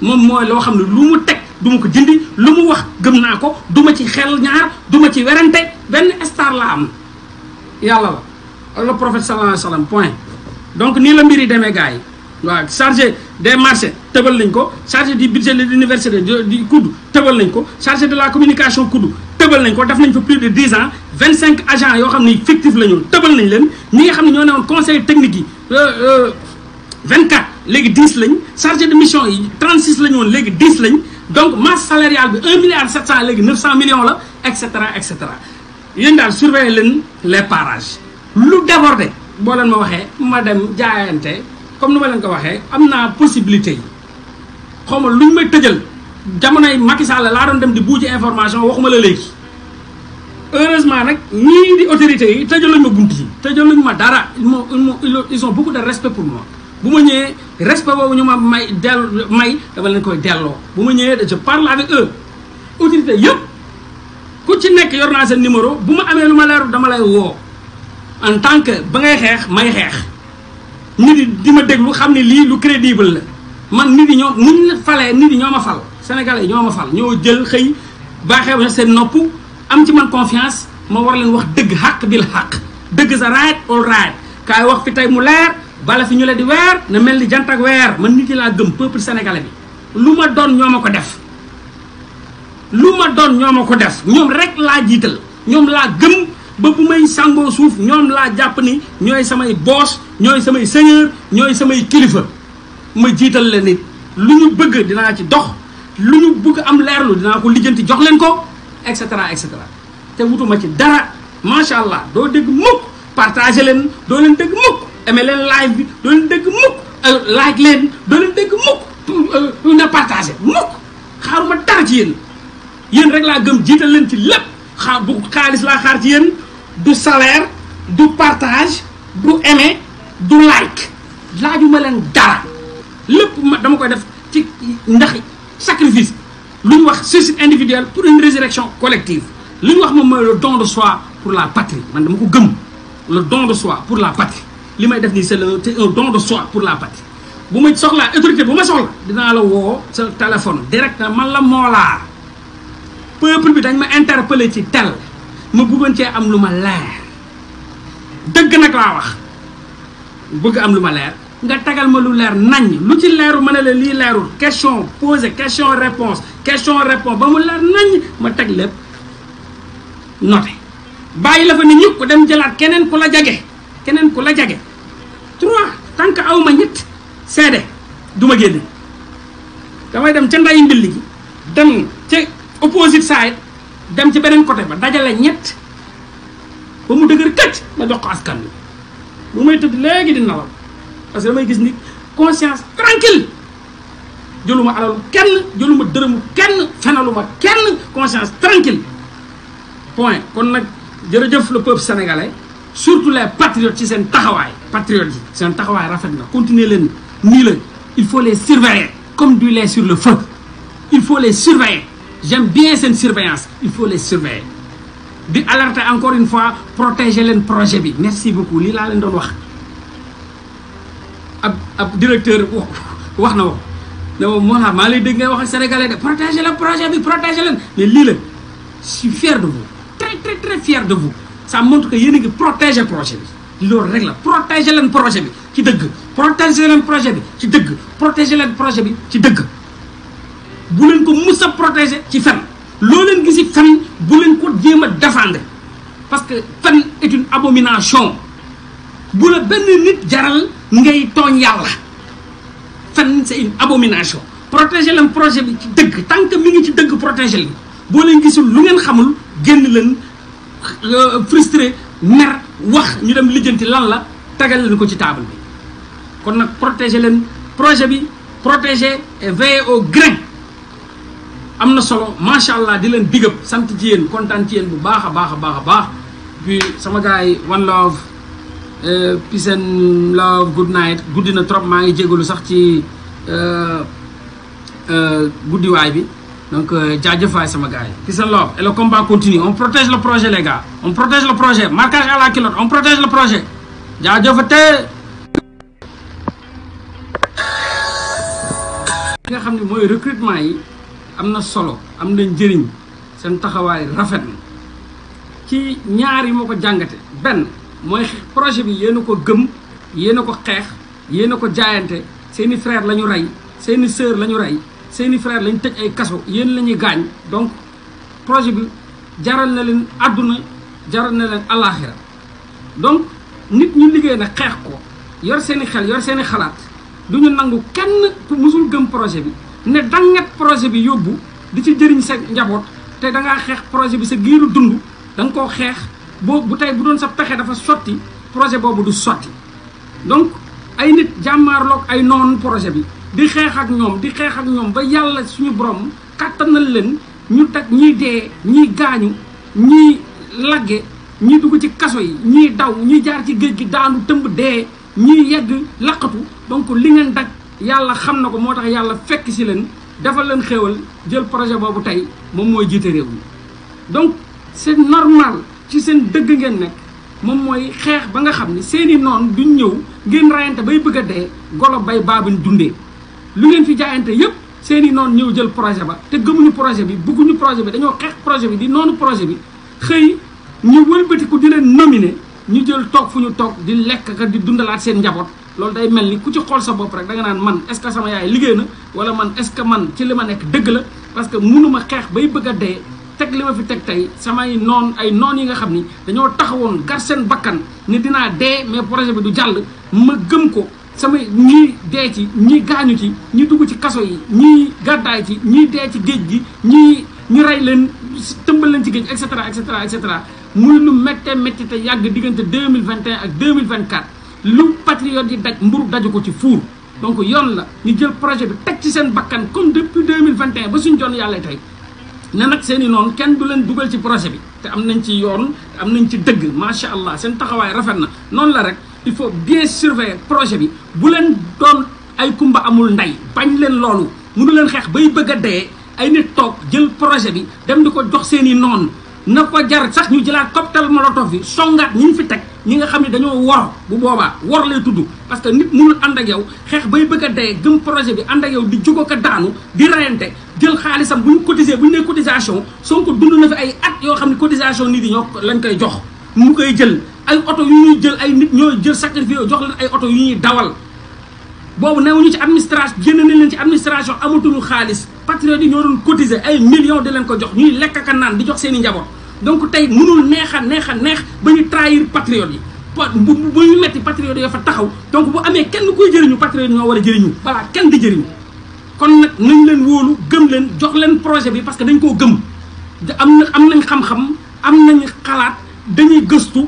moom mooy loo xam ne lu mu teg du ma ko jëndi lu mu wax gëm naa ko duma ci xel ñaar duma ma ci werante benn star laa am yàlla la le prophète sallallahu alayhi wa sallam point donc nii la mbir yi demee gars yi waaw chargé des marchés tëbal nañ ko chargé du budget de l'université di kudd tëbal nañ ko chargé de la communication kudd tëbal nañ ko def nañ fa plus de dix ans vingt cinq agents yoo xam ni fictif la ñoon tëbal nañ leen ñi nga xam ne ñoo newoon conseil technique yi euh, euh, vingt quatre léegi dix lañ chargé de mission yi trente six la ñu woon léegi dix lañ donc masse salariale bi un milliard sept cent léegi neuf cent millions la et cetera et cetera yéen daal surveiller leen les parages lu débordé boo leen ma waxee ma dem jaayante comme nu ma leen ko waxee am naa possibilité yi xaw ma luñ may tëjal jamonoy Macky Sall laa doon dem di buuji information waxuma la léegi heureusement nag ñii di autorité yi tëjaluñ ma bunt yi tëjaluñ ma dara ils m'ont ils ont beaucoup de respect pour moi bu ma ñëwee respect boobu ñu ma may dell may dama leen koy delloo bu ma ñëwee je parle avec eux autorité yëpp ku ci nekk yor naa seen numéro bu ma amee lu ma leeru dama lay woo en tant que ba ngay xeex may xeex nit yi di ma déglu xam ne lii lu crédible la man nit yi ñoo mu la falee nit yi ñoo ma fal sénégalais yi ñoo ma fal ñoo jël xëy baaxee ba seen noppu am ci man confiance ma war leen wax dëgg xàq bil xàq dëgg sa right all right kaay wax fi tey mu leer bala fi ñu la di weer na mel ni jant ak weer man nit yi laa gëm peuple sénégalais bi lu ma doon ñoom ma ko def lu ma doon ñoo ma ko def ñoom rek laa jiital ñoom laa gëm ba bu may sangoo suuf ñoom laa jàpp ni ñooy samay boos ñooy samay seigneur ñooy samay kilifa ma jiital leen nit lu ñu bëgg dinaa ci dox lu ñu bëgg am leerlu dinaa ko lijjanti jox leen ko et cetera et cetera te wutuma ci dara macha allah doo dégg mukk partagé leen doo leen dégg mukk aimé leen live bi doo leen dégg mukk euh, like leen doo leen dégg mukk euh, na partagé mukk xaaruma dara ci yéen yéen rek laa gëm jiital leen ci lépp xaar bu xaalis laa xaar ci yéen du salaire du partage du aimer du like laajuma leen dara lépp ma dama koy def ci ndax sacrifice lu ñu wax suicide individuel pour une résurrection collective li ñu wax moom mooy le don de soi pour la patrie man dama ko gëm le don de soi pour la patrie li may def nii c'est le don de soi pour la patrie bu ma soxla autorité bu ma soxla dinaa la woo sa téléphone directement man la moolaa peuple bi dañ ma interpellé ci tel ma buggoon cee am lu ma leer dëgg nag laa wax bëgg am lu ma leer nga tagal ma lu leer nañ lu ci leeru ma ne la lii leerul question posée question réponse question réponse ba mu leer nañ ma teg lépp noté bàyyi la fa ni ñukk dem jëlaat keneen ku la jage keneen ku la jage trois tant que aw ma ñett seede du ma damay dem ca ndayi mbill gi dem ca opposite side dem ci beneen côté ba dajale ñett ba mu dëgër këcc ma jox ko askan wi bu may tëdd léegi di nalaw parce que damay gis ni conscience tranquille jëluma alalu kenn jëluma dërëmu kenn fenaluma kenn conscience tranquille point kon nag jërëjëf le peuple sénégalais surtout les patriotes ci seen taxawaay patriotes yi seen taxawaay rafet na continuer leen nii la il faut les surveiller comme du lait sur le feu il faut les surveiller j'aime bien seen surveillance il faut les surveiller di alerter encore une fois protéger leen projet bi merci beaucoup lii laa leen doon wax ab ab directeur wax na wax ne ma moo laa maa lay dégg ngay wax ak sénégalais de protéger leen projet bi protéger leen mais lii la je suis fier de vous très très fier de vous ça montre que yéen a ngi projet bi loolu rek la protéger leen projet bi ci dëgg protéger leen projet bi ci dëgg protéger leen projet bi ci dëgg bu leen ko mus a protéger ci fen loo leen gisi fen bu leen ko jéem a défendre parce que fen est une abomination bu la benn nit jaral ngay tooñ yàlla fen c'est une abomination protéger leen projet bi ci dëgg tant que mi ngi ci dëgg protéger leen boo leen gisul lu ngeen xamul génn leen euh, frustré mer wax ñu dem lijjanti lan la tagal leen ko ci table bi kon nag protéger leen projet bi protéger et veiller au grain am na solo macha allah di leen big up sant ci yéen kontaan ci bu baax a baax a baax a baax sama gars yi one love euh, peace and love good night guddi na trop maa ngi jégalu sax ci euh, euh, guddi waay bi donc jaajëfaay sama gars yi peace and love et le combat continue on protège le projet les gars on protège le projet marquage à la on protège le projet jaajëfate nga xam ne mooy recrutement yi am na solo am na njëriñ seen taxawaay rafet na ci ñaar yi ko jàngate benn mooy projet bi yéen a ko gëm yéen a ko xeex yéen a ko jaayante seeni frère la ñu rey seeni sœur la ñu rey seeni frère la ñu tëj ay kaso yéen la ñuy gaañ donc projet bi jaral na leen àdduna jaral na leen alaaxira donc nit ñu liggéey na xeex ko yor seeni xel yor seeni xalaat du ñu nangu kenn ku musul gëm projet bi ne danget projet bi yóbbu di ci jëriñ sa njaboot te da ngaa xeex projet bi sa giiru dund danga koo xeex boobu bu tey bu doon sa pexe dafa sotti projet boobu du sotti donc ay nit jàmmaarloog ay noonu projet bi di xeex ak ñoom di xeex ak ñoom ba yàlla suñu borom kàttanal leen ñu teg ñuy dee ñuy gaañu ñiy lagge ñiy dugg ci kaso yi ñuy daw ñuy jaar ci géej gi daanu tëmb dee ñiy yegg laqatu donc li ngeen daj yàlla xam na ko moo tax yàlla fekk si leen defal leen xéewal jël projet boobu tey moom mooy jiite réew mi donc c'est normal ci seen dëgg ngeen nekk moom mooy xeex ba nga xam ni seeni noon duñ ñëw ngeen rayante bay bëgg a dee golo bay baabuñu dundee lu ngeen fi jaayante yépp seeni noon ñëw jël projet ba te gëmuñu projet bi bëgguñu projet bi dañoo xeex projet bi di noonu projet bi xëy ñu wëlbatiku di leen nominer ñu jël toog fu ñu toog di lekk ka di dundalaat seen njaboot loolu day mel ni ku ci xool sa bopp rek danga naan man est-ce sama yaay liggéey na wala man est-ce que man ci li ma nekk dëgg la parce que mënuma xeex bay bëgg a dee teg li ma fi teg tey samay noon ay noon yi nga xam ni dañoo taxawoon gar seen bakkan ni dinaa dee mais projet bi du jàll ma gëm ko sama ñii dee ci ñii gaañu ci ñi dugg ci kaso yi ñii gàddaay ci ñii dee ci géej gi ñii ñu rey leen tëmbal leen ci géej et cetera et cetera et cetera muy lu méttee métti te yàgg diggante deux mille vingt et un ak lu patriote yi daj mburu daju ko ci fuur donc yoon la ñu jël projet bi teg ci seen bakkan comme depuis 2021 ba suñ jon yàlla tey ne nag seen i noonu kenn du leen dugal ci projet bi te am nañ ci yoon te am nañ ci dëgg macha allah seen taxawaay rafet na noonu la rek il faut bien surveiller projet bi bu leen doon ay kumba amul ndey bañ leen loolu nu leen xeex bay bëgg a dee ay nit toog jël projet bi dem di ko jox seen i noonu na ko jar sax ñu jëlaat cocktail molotov yi songaat ñu fi teg ñi nga xam ne dañoo wor bu boobaa wor lay tudd parce que nit mënul ànd ak yow xeex bay bëgg a dee gëm projet bi ànd ak yow di jóg ko daanu di rayante jël xaalisam bu ñu cotisé bu ñu nee cotisation Sonko dund na fi ay at yoo xam ne cotisation nit yi ñoo lañ koy jox mu koy jël ay oto yu ñuy jël ay nit ñooy jël sacrifice jox leen ay oto yu ñuy dawal boobu newuñu ci administration génn nañ leen ci administration amatuñu xaalis patriotes yi ñoo doon cotiser ay millions di leen ko jox ñuy lekk ka naan di jox seen i njaboot donc tey mënul neex a neex a neex ba ñu trahir patriote yi bu bu ñu metti patriote yoo fa taxaw donc bu amee kenn koy jëriñu patriote ñoo war a jëriñu balaa kenn di jëriñu kon nag nañ leen wóolu gëm leen jox leen projet bi parce que dañ koo gëm am na am nañ xam-xam am nañ xalaat dañuy gëstu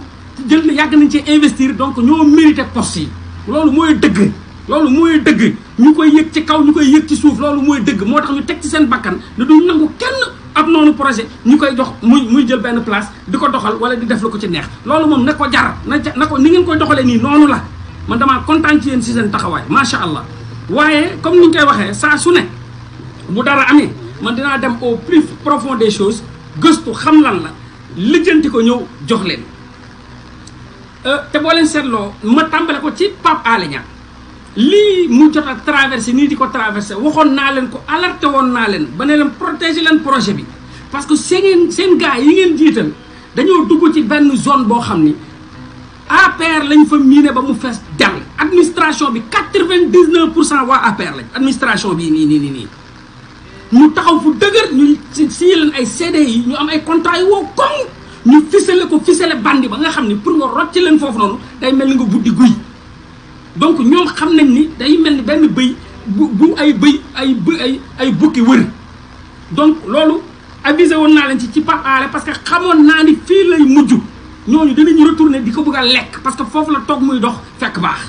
jël yàgg nañ ci investir donc ñoo mérité poste yi loolu mooy dëgg loolu mooy dëgg ñu koy yëg ci kaw ñu koy yëg ci suuf loolu mooy dëgg moo tax ñu teg ci seen bakkan ne duñ nangu kenn ab noonu projet ñu koy jox muy muy jël benn place di ko doxal wala di def la ko ci neex loolu moom na ko jar na na ko ni ngeen koy doxalee nii noonu la man damaa kontaan ci yéen si seen taxawaay macha allah waaye comme ni koy waxee saa su ne bu dara amee man dinaa dem au plus profond des choses gëstu xam lan la lijjanti ko ñëw jox leen euh, te boo leen seetloo ma tàmbale ko ci Pape Alé lii mu jot a traversé nii di ko traversé waxoon naa leen ko alerté woon naa leen ba ne leen protéger leen projet bi parce que seen seen gars yi ngeen jiital dañoo dugg ci benn zone boo xam ni APR lañ fa miine ba mu fees dell administration bi quatre-vingt-dix-neuf pour cent waa APR lañ administration bi nii nii nii ñu taxaw fu dëgër ñu si signé leen ay yi ñu am ay contrat yu wow koŋ ñu ficelé ko ficelé bandi ba nga xam ni pour nga rocc leen foofu noonu day mel ni nga buddi guy donc ñoom xam nañ ni day mel ni benn bëy bu bu ay bëy ay bë ay ay bukki wër donc loolu avisé woon naa leen ci ci Pape Alé parce que xamoon naa ni fii lay mujj ñooñu dinañu retourner di ko bëgg lekk parce que foofu la toog muy dox fekk baax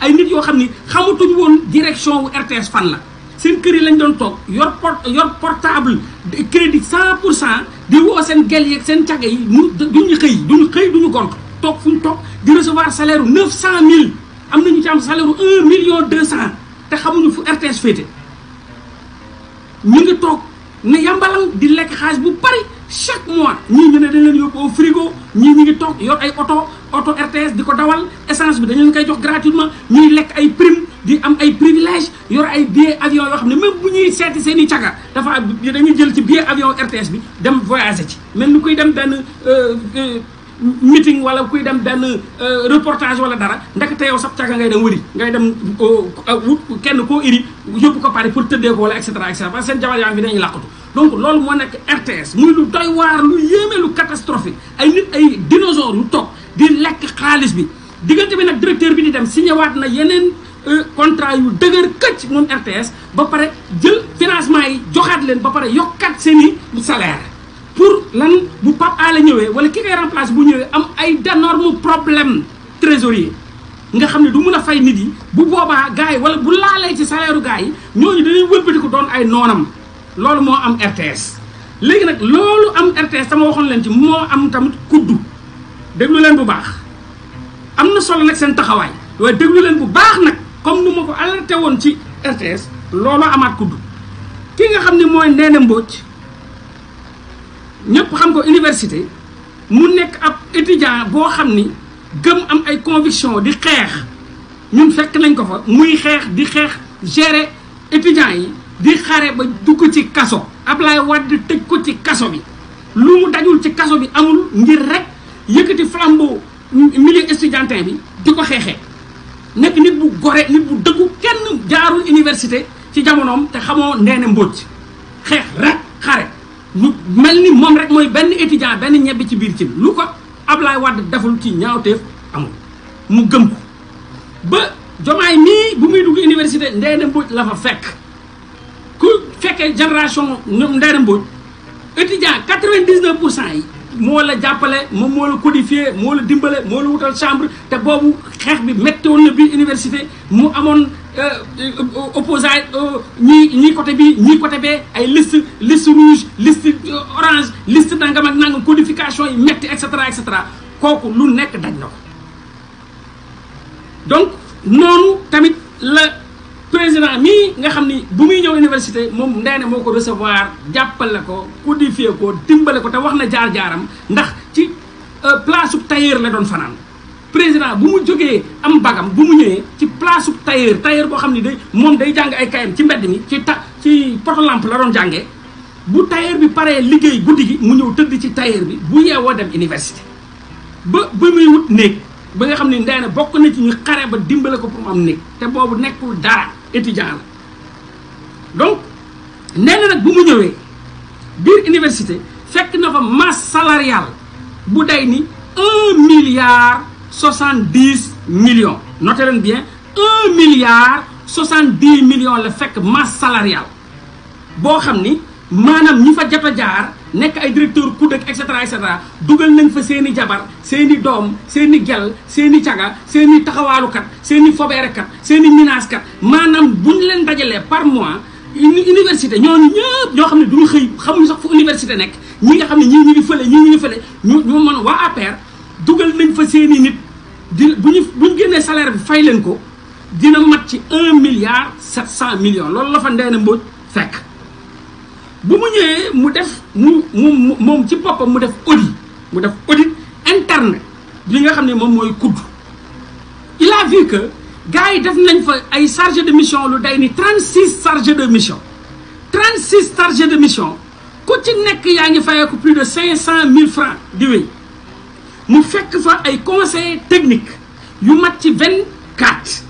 ay nit yoo xam ni xamatuñu woon direction wu RTS fan la seen kër yi lañ doon toog yor port yor portable crédit cent pour cent di woo seen gel yeeg seen cage yi mu ñu xëy duñu xëy duñu gont toog fu ñu toog di recevoir salaire u neuf cent mille am na ñu ci am salaire un million deux cent te xamuñu fu RTS féete ñu ngi toog ne yàmbalam di lekk xaalis bu bari chaque mois ñii ñu ne dañ leen yóbbu frigo ñii ñu ngi toog yor ay oto oto RTS di ko dawal essence bi dañ leen koy jox gratuitement ñuy lekk ay prime di am ay privilège yor ay billet avion yoo xam ne même bu ñuy seeti seen i caga dafa dañuy jël ci billet avion RTS bi dem voyager ci mel ni kuy dem benn euh, euh, meeting wala kuy dem benn euh, reportage wala dara ndekete yow sax caga ngay dem wëri ngay dem euh, euh, kenn koo iri yóbbu ko Paris pour tëddee ko wala et cetera et cetera parce seen jabar yaa ngi fi dañuy làqatu donc loolu moo nekk RTS muy lu doy waar lu yéeme lu catastrophique ay nit ay dinosaures lu toog di lekk xaalis bi diggante bi nag directeur bi di dem signé waat na yeneen contrat yu dëgër këcc moom RTS ba pare jël financement yi joxaat leen ba pare yokkaat seen i salaire pour lan bu Pape Alé ñëwee wala ki koy bu ñëwee am ay d'énormes problèmes trésorier nga xam ne du mun a fay nit yi bu boobaa gars yi wala bu laalee ci salaire gars yi ñooñu dañuy wëlbati ko doon ay noonam loolu moo am RTS. léegi nag loolu am RTS sama waxoon leen ci moo am tamit kuddu déglu leen bu baax am na solo nag seen taxawaay waaye déglu leen bu baax nag comme nu ma ko alerté woon ci RTS looloo amaat kuddu ki nga xam ni mooy Ndéné Mbodj. ñëpp xam ko université mu nekk ab étudiant boo xam ni gëm am ay conviction di xeex ñun fekk nañ ko fa muy xeex di xeex gérer étudiants yi di xare ba dugg ci kaso Ablaye Wade tëj ko ci kaso bi lu mu dajul ci kaso bi amul ngir rek yëkkati flambeau milieu estudiantin bi di ko xeexee nekk nit bu gore nit bu dëggu kenn jaarul université ci jamonoom te xamoo Ndéné Mbodj xeex rek xare lu mel ni moom rek mooy benn étudiant benn ñebbe ci biir ci lu ko Ablaye Wade deful ci ñaawteef amul mu gëm ko ba jomaay mii bu muy dugg université Ndeye Mbodj la fa fekk ku fekkee génération ñoom Ndeye Mbodj étudiant quatre-vingt-dix-neuf pour cent yi moo la jàppale moom moo la codifié moo la dimbale moo la wutal chambre te boobu xeex bi méttoon na biir université mu amoon Euh, euh, opposant euh, ñii ñii côté bii ñii côté bee ay liste liste rouge liste orange liste nangam ak nangam codification yi métti et cetera et kooku lu nekk dañ na ko donc noonu tamit la président mii nga xam ni bu muy ñëw université moom ndey ne moo ko recevoir jàppale ko codifier ko timbale ko te wax na jaar-jaaram ndax ci place su tailleur la doon fanaan président bu mu jógee am bagam bu mu ñëwee ci place tailleur tailleur boo xam ne day moom day jàng ay kayam ci mbedd mi ci ta ci poto lampe la doon jàngee bu tailleur bi paree liggéey guddi gi mu ñëw tëdd ci tailleur bi bu yeewoo dem université ba ba muy wut néeg ba nga xam ne ndey bokk na ci ñu xare ba dimbale ko pour mu am néeg te boobu nekkul dara étudiant la donc nee na nag bu mu ñëwee biir université fekk na fa masse salariale bu day ni un soixante-dix million notez bien un milliard soixante-dix million la fekk masse salariale boo xam ni maanaam ñi fa jot jaar nekk ay directeur COUDEC et cetera et cetera dugal nañ fa seen jabar seeni doom seen i gel seen i caga seen i taxawaalukat seen i fobeerekat seen i minaaskat maanaam buñ leen dajalee par mois université ñoo ñëpp ñoo xam ne duñu xëy xamuñu sax fu université nekk ñi nga xam ne ñii ñu ngi fële ñii ñu ngi fële ñu ñu mën waa APR dugal nañ fa seen nit di bu ñu bu ñu génnee salaire bi fay leen ko dina mat ci un milliard sept cent million loolu la fa Ndeye Mbodj fekk bu mu ñëwee mu def mu mu moom ci boppam mu def audit mu def audit internet bi nga xam ne moom mooy kudd il a vu que gars yi def nañ fa ay chargé de mission lu day ni trente six chargé de mission trente six chargé de mission ku ci nekk yaa ngi fayee ko plus de cinq cent mille francs di wéy mu fekk fa ay conseil technique yu mat ci vingt quatre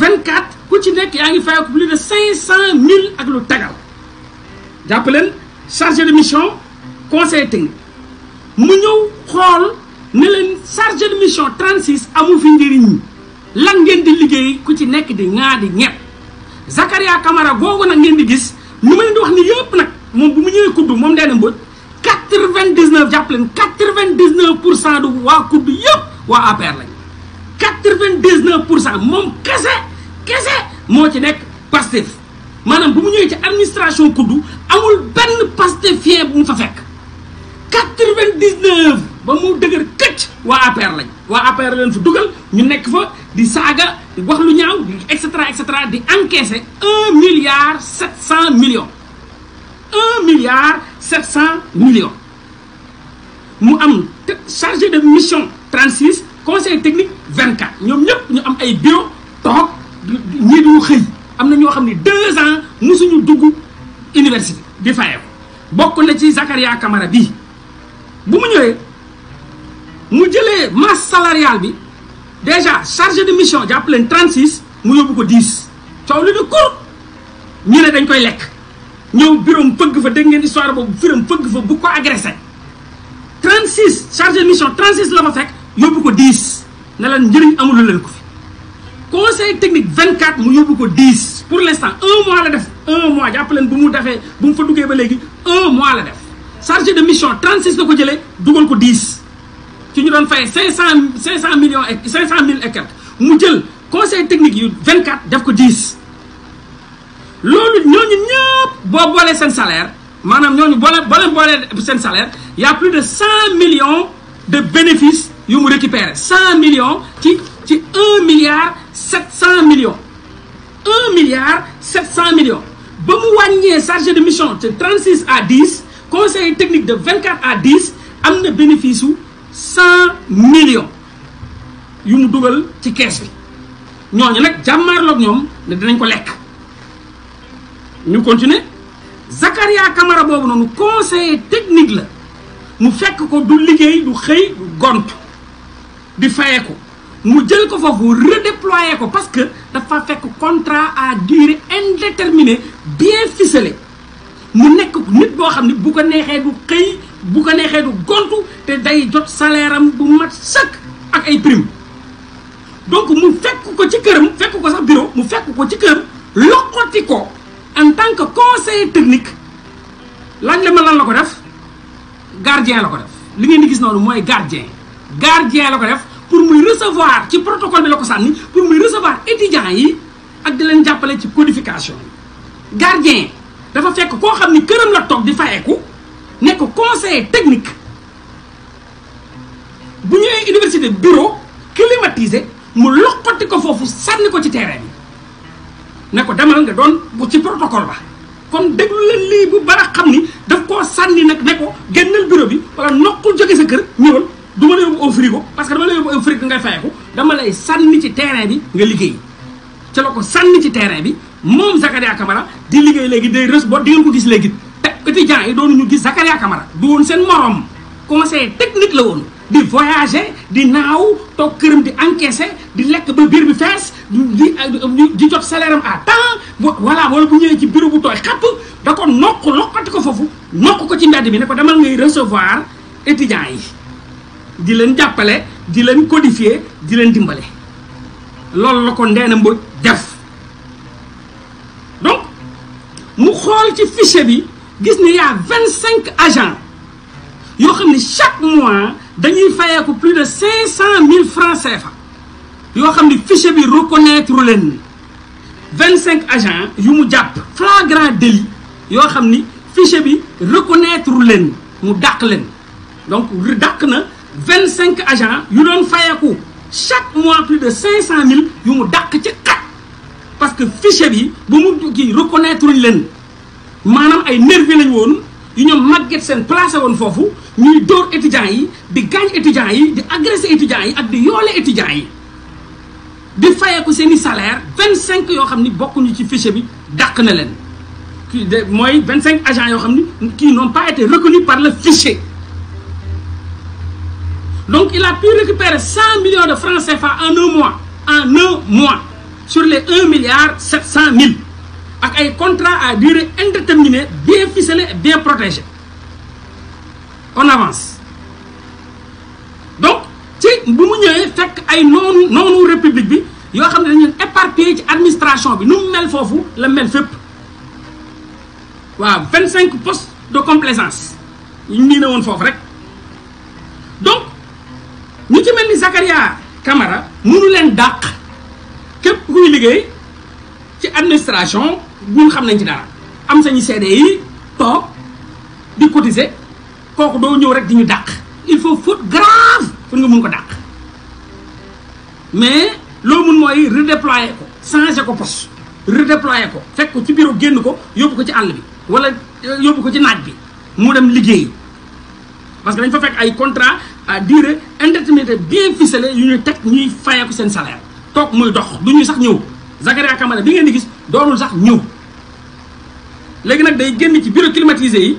vingt quatre ku ci nekk yaa ngi fay ko plus de cinq cent mille ak lu tagal jàpp leen chargé de mission conseil technique mu ñëw xool ne leen chargé de mission 36 amul fi njëriñ lan ngeen di liggéey ku ci nekk di ñaa di ñett Zakaria Camara googu nag ngeen di gis ñu ma leen di wax ni yëpp nag moom bu mu ñëwee kuddu moom dee na mbët 99 jàpp leen 99 pour cent du waa COUD bi yëpp waa APR lañu 99 pour cent moom kese kese moo ci nekk Pastef maanaam bu mu ñëwee ci administration COUD amul benn pastefien bu mu fa fekk 99 ba mu dëgër këcc waa APR lañ waa APR leen fa dugal ñu nekk fa di saaga di wax lu ñaaw et cetera et cetera di encaisser 1 milliard 700 millions. un milliard sept cent millions mu am chargé de mission 36 conseil technique 24 ñoom ñëpp ñu am ay bureau toog ñii du xëy am na ñoo xam ne deux ans suñu dugg université di fayeeko bokk na ci Zakaria Camara bi bu mu ñëwee mu jëlee masse salariale bi déjà chargé de mission jàpp leen 36 mu yóbbu ko 10 coow lu ñu kur ñu ne dañ koy lekk ñëw biroom pëgg fa dégg ngeen histoire boobu biroom pëgg fa bu ko agressé 36 chargé mission 36 la fa fekk yóbbu ko 10 na leen njëriñ amul leen ko fi conseil technique 24 mu yóbbu ko 10 pour l' instant un mois la def un mois jàppaleen leen bu mu defee bu mu fa duggee ba léegi un mois la def chargé de mission 36 la ko jëlee dugal ko 10 ci ñu doon fay 500 500 millions et 500 mille et quelque mu jël conseil technique yu 24 def ko 10. loolu ñooñu ñëpp boo boolee seen salaire maanaam ñooñu boole boole boolee seen salaire y a plus de cent millions de bénéfice yu mu récupéré cent millions ci ci un milliard sept cent millions un milliard sept cent millions ba mu wàññee chargé de mission de 36 à 10 conseil technique de 24 à 10 am na bénéfice su 100 millions yu mu dugal ci kees bi ñooñu nag jàmmaarloog ñoom ne dinañ ko lekk ñu continuer Zakaria Camara boobu noonu conseiller technique la mu fekk ko du liggéey du xëy du gont di faye ko mu jël ko foofu redéployer ko parce que dafa fekk contrat à durée indéterminée bien ficelé mu nekk nit boo xam ne bu ko neexee du xëy bu ko neexee du gontu te day jot salaire am bu mat sëkk ak ay prime donc mu fekk ko ci këram fekk ko sax bureau mu fekk ko ci këram loqoti ko en tant que conseiller technique lañ la ma lan la ko def gardien la ko def li ngeen di gis noonu mooy gardien gardien la ko def pour muy recevoir ci protocole bi la ko sànni pour muy recevoir étudiants yi ak di leen jàppale ci codification yi gardien dafa fekk koo xam ni këram la toog di fayeku nekk conseiller technique bu ñëwee université bureau climatisé mu loqati ko foofu sànni ko ci terrain bi ne ko demal nga doon bu ci protocole ba kon déglu leen lii bu bara xam ni daf koo sànni nag ne ko génnal bureau bi wala noqul jóge sa kër ñëwal du ma la yóbbu au frigo parce que dama la yóbbu au frigo ngay fayeku dama lay sànni ci terrain bi nga liggéey ci la ko sànni ci terrain bi moom Zakaria Camara di liggéey léegi day rës boo di ngeen ko gis léegi te étudiants yi doonu ñu gis Zakaria Camara du woon seen morom conseil technique la woon di voyager di naaw toog këram di encaisser di lekk ba biir bi fees di di jot salaire am à temps voilà wala bu ñëwee ci bureau bu tooy xapp da ko nokk lokkati ko foofu nokk ko ci mbedd bi ne ko demal ngay recevoir étudiants yi di leen jàppale di leen codifier di leen dimbale loolu la ko Ndéna Mbodj def donc mu xool ci fichier bi gis ni y vingt cinq agents yoo xam ne chaque mois dañuy fayeeku plus de cinq cent mille francs CFA yoo xam ni fichier bi reconnaître leen vingt cinq agent yu mu jàpp flagrant deli yoo xam ni fichier bi reconnaître leen mu dàq leen donc dàq na vingt cinq agent yu doon fayeku chaque mois plus de cinq cent mille yu mu dàq ci xat parce que fichier bi bu mu kii reconnaître uñ leen maanaam ay nervi lañ woon yu ñoom màgget seen placé woon foofu ñuy dóor étudiants yi di gaañ étudiants yi di agressé étudiants yi ak di yoole étudiants yi di fayeeku seen i salaire vingt cinq yoo xam ni bokkuñu ci fichier bi dàq na leen kii de mooy vingt cinq agents yoo xam ni qui n'ont pas été reconnus par le fichier donc il a pu récupérer cent millions de francs CFA en un mois en un mois sur les un milliard sept cent mille ak ay contrat à durée indéterminée bien ficelés et bien protégés on avance donc ci bu mu ñëwee fekk ay noonu noonu république bi yoo xam ne dañu éparpillé ci administration bi nu mu mel foofu la mel fépp waaw vingt cinq postes de complaisance ñu nii ne woon foofu rek donc ñu ci mel ni Zakaria Camara mënu leen dàq képp kuy liggéey ci administration buñ xam nañ ci daal am sañu seede yi toog di cotiser kooku doo ñëw rek di ñu dàq il faut faute grave pour nga mun ko dàq mais loo mun mooy redéployer ko changer ko poste redéployer ko fekk ko ci bureau génn ko yóbbu ko ci àll bi wala euh, yóbbu ko ci naaj bi mu dem liggéey parce que dañ fa fekk ay contrat à durée indéterminée bien ficelé yu ñu teg ñuy fayeeku seen salaire toog muy dox du ñuy sax ñëw Zakaria Camara bi ngeen di gis doonul sax ñëw léegi nag day génn ci bureau climatisé yi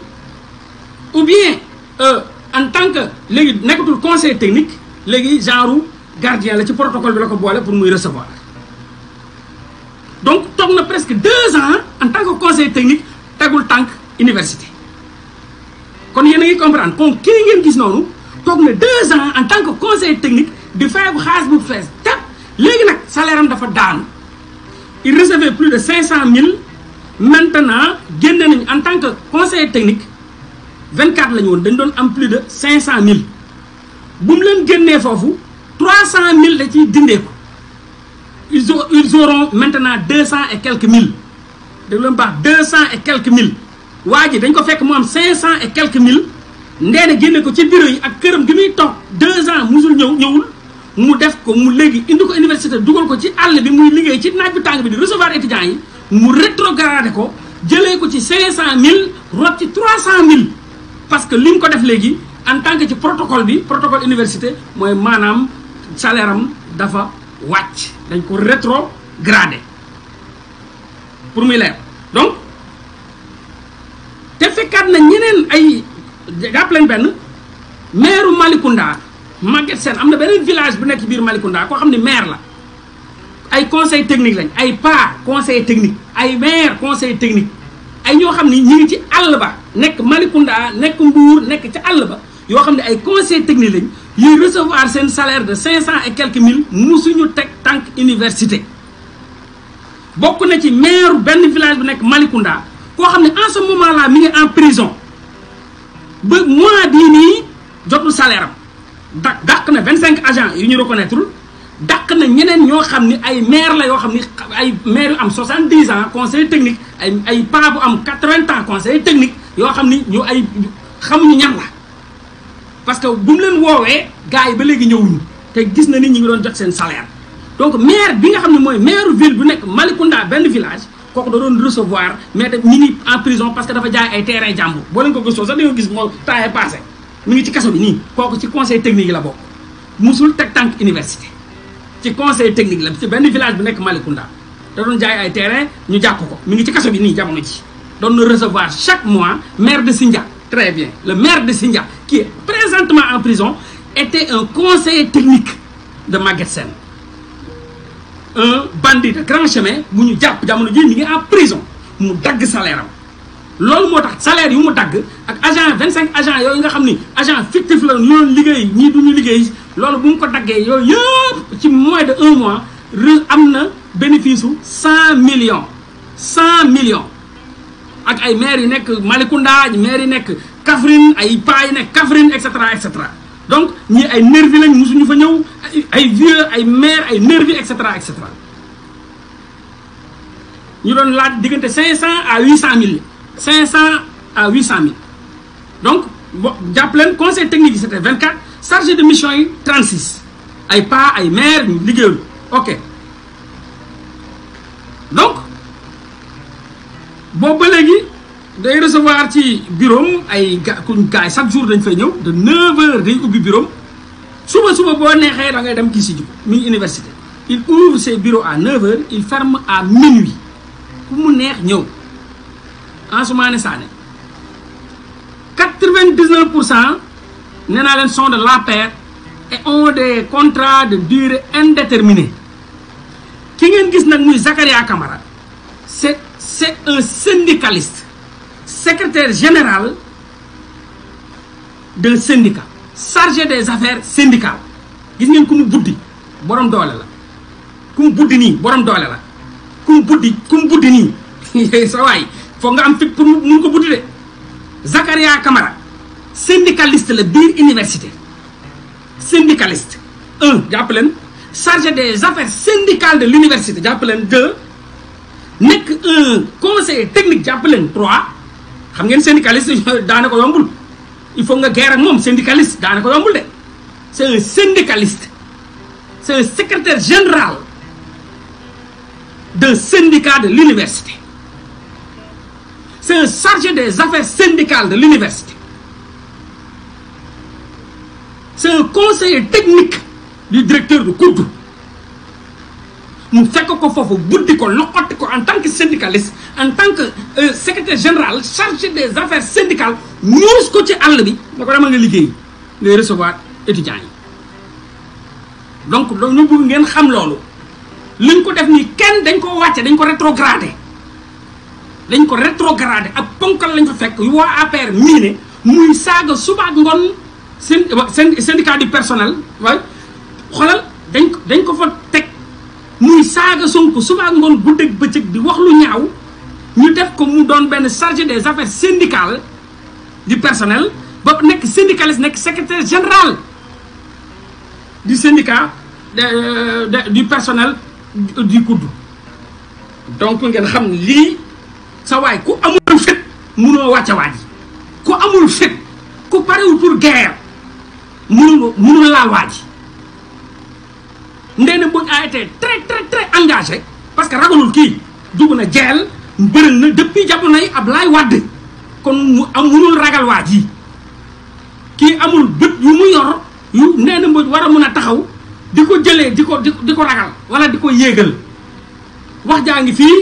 ou bien euh, en tant que léegi nekkatul conseil technique léegi genre gardien la ci protocole bi la ko boole pour muy recevoir donc toog na presque deux ans en tant que conseil technique tegul tànk université kon yéen a ngi comprendre kon kii ngeen gis noonu toog na deux ans en tant que conseil technique di fay bu xaalis bu fees tap léegi nag salaire dafa daanu il recevait plus de cinq cent mille maintenant génne nañu en tant que conseil technique 24 la ñu woon dañ doon am plus de 500000 bu mu leen génnee foofu 300000 da ciy dindee ko ils ont ils auront maintenant 200 et quelques mille dañ leen baax 200 et quelques mille waa ji dañ ko fekk mu am 500 et quelques mille ndeena génne ko ci bureau yi ak këram gi muy toog 2 ans musul ñëw ñëwul mu def ko mu léegi indi ko université dugal ko ci àll bi muy liggéey ci naaj bu tàng bi di recevoir étudiants yi mu rétrogradé ko jëlee ko ci 500000 rob ci 300000. parce que li ñu ko def léegi en tant que ci protocole bi protocole université mooy maanaam salaire dafa wàcc dañ ko rétrogradé pour muy leer donc te fekkaat na ñeneen ay jàpp lañ benn maire Malicounda Maguette seen am na beneen village bu nekk biir Malicounda koo xam ne maire la ay conseil technique lañ ay pas conseil technique ay maire conseil technique ay ñoo xam ni ñu ngi ci àll ba nekk Malicounda nekk Mbour nekk ca àll ba yoo xam ne ay conseil technique lañ yuy recevoir seen salaire de cinq cent et quelques mille musuñu teg tànk université bokk na ci maire benn village bu nekk Malicounda koo xam ne en ce moment là mi ngi en prison bëgg mois bii nii jotul salaire am da dàq na vingt cinq agents yu ñu reconnaître dàq na ñeneen ñoo xam ni ay maire la yoo xam ni ay maire yu am soixante-dix ans conseil technique ay paa bu am quatre-vingts ans conseil technique yoo xam ni ñu ay xamuñu ñan la parce que bu leen woowee gars yi ba léegi ñëwuñu te gis na ni ñu ngi doon jot seen salaire donc maire bi nga xam ne mooy maire ville bu nekk Malicounda benn village kooku da doon recevoir mais mi ngi prison parce que dafa jaay ay terrain jàmbur boo leen ko gëstoo sax dañoo gis moo taayee passé mi ngi ci kaso bi nii kooku ci conseil technique la bokk musul teg tànk université ci conseil technique la benn village bu nekk Malicounda da doon jaay ay terrain ñu jàpp ko mi ngi ci kaso bi nii jamono ji doon na recevoir chaque mois maire de Sindia très bien le maire de Sindia qui est présentement en prison était un conseiller technique de Maguette Sène un bandit de grand chemin mu ñu jàpp jamono ji mi ngi en prison mu dagg salaire am loolu moo tax salaire yu mu dagg ak agent vingt cinq agent yooyu nga xam ni agent fictif la ñu doon liggéey ñii du ñu liggéey loolu bu mu ko daggee yooyu yëpp ci mois de un mois re am na bénéfice su cent million cent millions ak ay maire yu nekk Malicounda maire yi nekk Kaffrine ay paa yu nekk Kaffrine et cetera et cetera donc ñii ay nervi lañ suñu fa ñëw ay vieux ay maire ay nervi et cetera et cetera ñu doon laaj diggante cinq cent à huit cent mille cinq cent à huit cent mille donc bo jàpp leen conseil technique yi c'était vingt quatre chargé de mission yi trente six ay paa ay maire ñu liggéeyul ok donc boobu ba léegi day recevoir ci bureau ay ga kuñ gaay chaque jour dañ fay ñëw de 9h day ubbi bureau suba suba boo neexee da ngay dem kii si ji mi université il ouvre ses bureaux à 9h il ferme à minuit ku mu neex ñëw Ansoumana Sané 99 pour cent nee naa leen sont de la paix et ont des contrats de durée indéterminée ki ngeen gis nag muy Zakaria Camara c'est c'est un syndicaliste secretaire général de syndicat chargé des affaires syndicales gis ngeen ku mu buddi borom doole la ku mu buddi nii borom doole la ku mu buddi ku mu buddi nii sa waay foog nga am fit pour mun ko buddi de Zakaria Camara syndicaliste la biir université syndicaliste un jàpp leen de des affaires syndicales de l'université jàpp leen deux nekk un conseiller technique jàpp leen trois xam ngeen syndicaliste daana ko yombul il faut nga guerre ak moom syndicaliste daana ko yombul de c' est un syndicaliste c' est un secrétaire général d'un de l'université c' est un des affaires syndicales de l'université c' est un conseiller technique di directeur de Koudou mu fekk ko foofu buddi ko loxoti ko en tant que syndicaliste en tant que euh, secrétaire général chargé des affaires syndicales muus ko ci àll bi da ko demal nga liggéey ngay recevoir étudiants yi donc ñu bëgg ngeen xam loolu liñ ko def nii kenn dañ ko wàcce dañ ko rétrogradé dañ ko rétrogradé ak ponkal lañ fa fekk yu waa APR mii ne muy saaga suba ak ngoon seen syndicat du personnel waaye xoolal dañ dañ ko fa teg muy saaga Sonko suba ak ngoon guddeeg bëccëg di wax lu ñaaw ñu def ko mu doon benn chargé des affaires syndicales di personnel ba nekk syndicaliste nekk secrétaire général du syndicat di euh, personnel du COUD. donc ngeen xam lii sa waay ku amul fit munoo wàcce waaj ku amul fit ku parewul pour guerre munu munul laal waaj Ndeye Mbodj a été très très très engagé parce que ragalul kii dugg na jeel mbërëg na depuis ab Ablaye Wade kon mu am munul ragal waa yi kii amul bët yu mu yor yu Ndeye Mbodj war a mun a taxaw di ko jëlee di ko di ko ragal wala di ko yéegal wax jaa ngi fii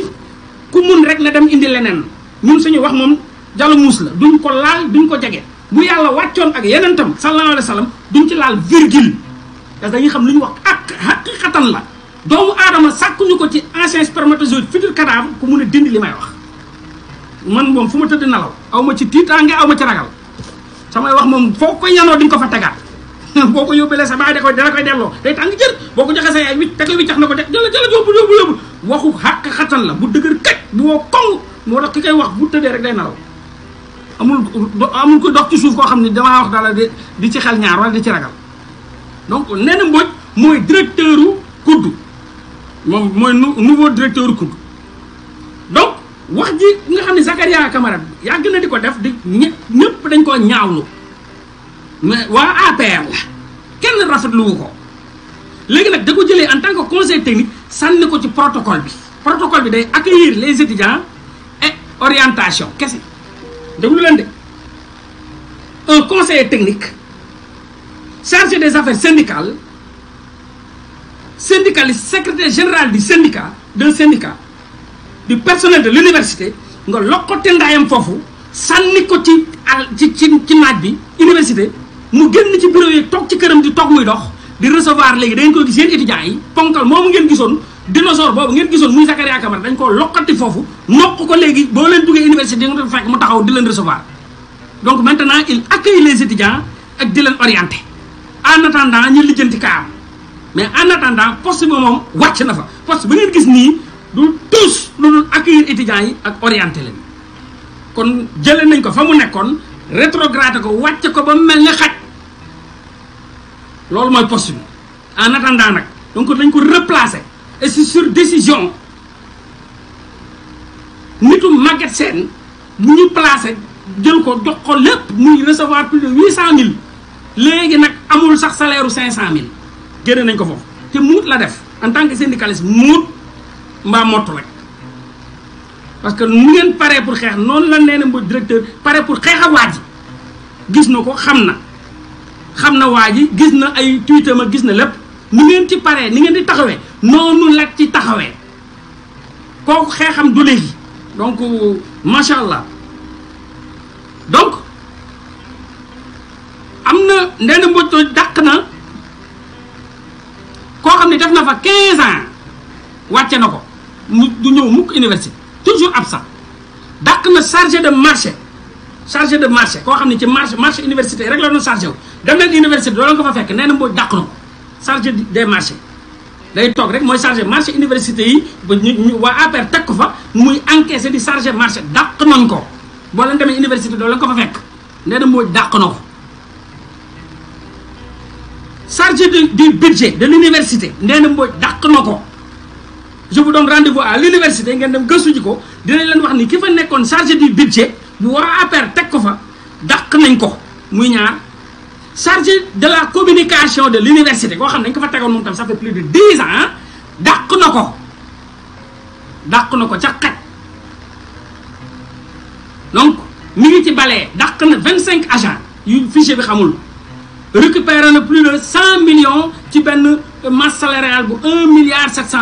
ku mun rek na dem indi leneen ñun suñu wax moom jalu muus la duñ ko laal duñ ko jege bu yàlla wàccoon ak yeneen tam sallallahu alayhi wa sallam duñ ci laal virgule parce que dañuy xam lu ñu wax ak xaqiqatan la doomu aadama sàkkuñu ko ci ancien spermatozoïde futur cadavre ku mun a dindi li may wax man moom fu ma tëdd nelaw aw ma ci tiitaange aw ma ci ragal samay wax moom foo ko yanoo di ko fa tegaat boo ko yóbbeelee sa baay da koy dala koy delloo day tàng jër boo ko joxee sa yaay wicc te koy wiccax na ko de jëla jëla yóbbu yóbbu yóbbu waxu xàq xatan la bu dëgër kaj bu woo kong moo tax ki koy wax bu tëddee rek day nelaw amul amul ko dox ci koo xam ne damaa wax dala di ci xel ñaar wala di ci ragal donc Nene Mbodj mooy directeur u kuddu moom mooy nouveau directeur u kuddu donc wax ji nga xam ne Zakaria Camara yàgg na di ko def di ñëpp dañ koo ñaawlu mais waa APR la kenn rafetluwu ko léegi nag da ko jëlee en tant que conseil technique sànni ko ci protocole bi protocole bi day accueillir les étudiants et orientation kese déglu leen de un conseiller technique chargé des affaires syndicales syndicaliste secrétaire général du syndicat de syndicat du personnel de l'université nga lokkate ndaayam foofu sànni ko ci al ci ci ci naaj bi université mu génn ci bureau yi toog ci këram di toog muy dox di recevoir léegi dañ koy gis yéen étudiants yi ponkal moomu ngeen gisoon dinosaure boobu ngeen gisoon muy Zakaria Camara dañ koo lokkati foofu nokk ko léegi boo leen duggee université di nga doon fekk mu taxaw di leen recevoir donc maintenant il accueille les étudiants ak di leen en attendant ñu lijjanti am mais en attendant poste moom wàcc na fa poste bi ngeen gis nii du tous lu dul accueillir étudiants yi ak orienté leen kon jëlee nañ ko fa mu nekkoon rétrogradé ko wàcc ko ba mel ni xaj loolu mooy poste bi en attendant nag donc dañ ko replacer et c'est sur décision nitu Maguette Sène mu ñu placé jël ko jox ko lépp muy recevoir plus de huit cent mille léegi nag amul sax cinq u 500000 génne nañ ko foofu te muut la def en tant que syndicaliste muut mbaa mottu rek parce que nu ngeen paree pour xeex noonu la nee na directeur pare pour xeex a waa ji gis na ko xam na xam na waa ji gis na ay tuite ma gis na lépp nu ngeen ci paree ni ngeen di taxawee noonu la ci taxawee kooku xeexam du léegi donc macha allah donc. na Ndeye Mbodj dàq na koo xam ne def na fa 15 ans wàcce na ko mu du ñëw mukk université toujours ab sax dàq na chargé de marché chargé de marché koo xam ne ci marché marché université rek la doon chargé wu. dem leen université doo leen ko fa fekk Ndeye Mbodj dàq na ko chargé des marchés day toog rek mooy chargé marché université yi ñu waa APR teg ko fa muy encaissé di chargé marché dàq nañ ko boo leen demee université doo leen ko fa fekk Ndeye Mbodj dàq na ko. chargé du budget de l'université Ndéna Mbodj dàq na ko je vous donne rendez-vous à l'université ngeen dem gëstu ji ko dinañ leen wax ni ki fa nekkoon chargé du budget bu waa APR teg ko fa dàq nañ ko muy ñaar chargé de la communication de l'université koo xam ne dañ ko fa tegoon moom tam ça fait plus de dix ans na ko dàq na ko ca xaj donc mi ngi ci balee dàq na vingt cinq agents yu fichier bi xamul récupéré na plus de cent millions ci benn masse salariale bu un milliard sept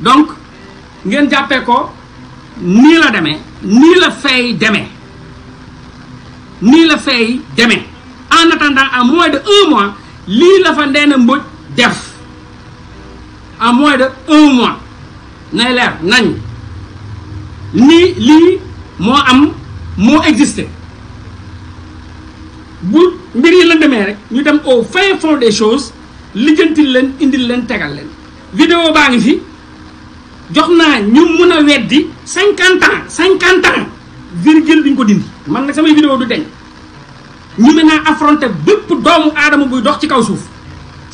donc ngeen jàppee ko nii la demee nii la fay demee nii la fay demee en attendant à moins de un mois lii la fa Ndéné Mbodj def en moins de un mois nay leer nañ ni lii moo am moo existé bu mbir yi demee rek ñu dem au fin fond des choses lijjanti leen indil leen tegal leen. vidéo baa ngi fi jox naa ñu mun a weddi cinquante ans cinquante ans virgule duñ ko dindi man nga samay vidéo du deñ ñu mën naa affronter bépp doomu aadama buy dox ci kaw suuf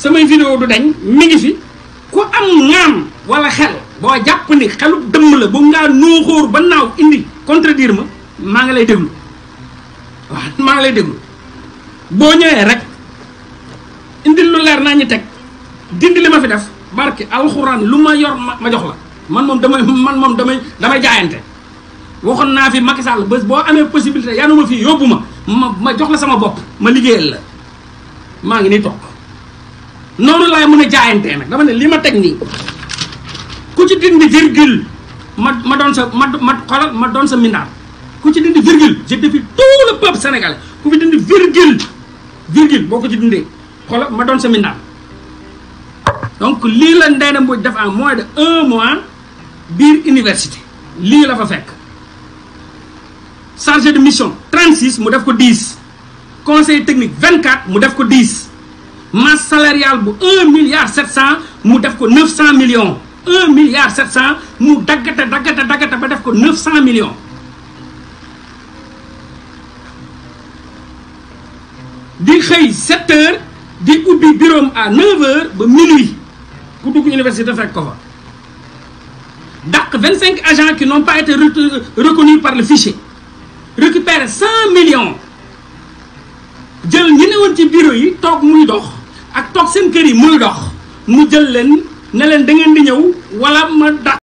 samay vidéo du deñ mi ngi fi ku am ngaam wala xel boo jàpp ni xelu dëmm la bu ngaa nuuxóor ba naaw indi diir ma maa ngi lay déglu waaw maa ngi lay déglu boo ñëwee rek indi lu leer naa ñi teg dindi li ma fi def barki alxuraan lu ma yor ma ma jox la man moom damay man moom damay damay jaayante waxoon naa fi Macky Sall boo amee possibilité yanu ma fii ma ma ma jox la sama bopp ma liggéeyal la maa ngi nii toog noonu laay mën a jaayantee nag dama ne li ma teg nii ku ci dindi virgule ma ma doon sa ma ma xoolal ma doon sa mindaar ku ci dindi virgule je défie tout le peuple sénégalais ku fi dindi virgule virgule boo ko ci dundee xoola ma doon sa donc lii la Ndeye Mbodj def en mois de un mois biir université lii la fa fekk chargé de mission trent 36 mu def ko 10 conseil technique 24 mu def ko 10 masse salariale bu 1 milliard 700 mu def ko 900 millions 1 milliard cent mu daggate daggate daggate ba def ko 900 millions. di xëy 7 di ubbi bureau à 9 heures ba minuit ku dugg université fekk ko fa dàq cinq agents qui n'ont pas été reconnus par le fichier récupérer 100 millions jël ñi ne woon ci bureau yi toog muy dox ak toog seen kër yi muy dox mu jël leen ne leen da ngeen di ñëw wala ma dàq.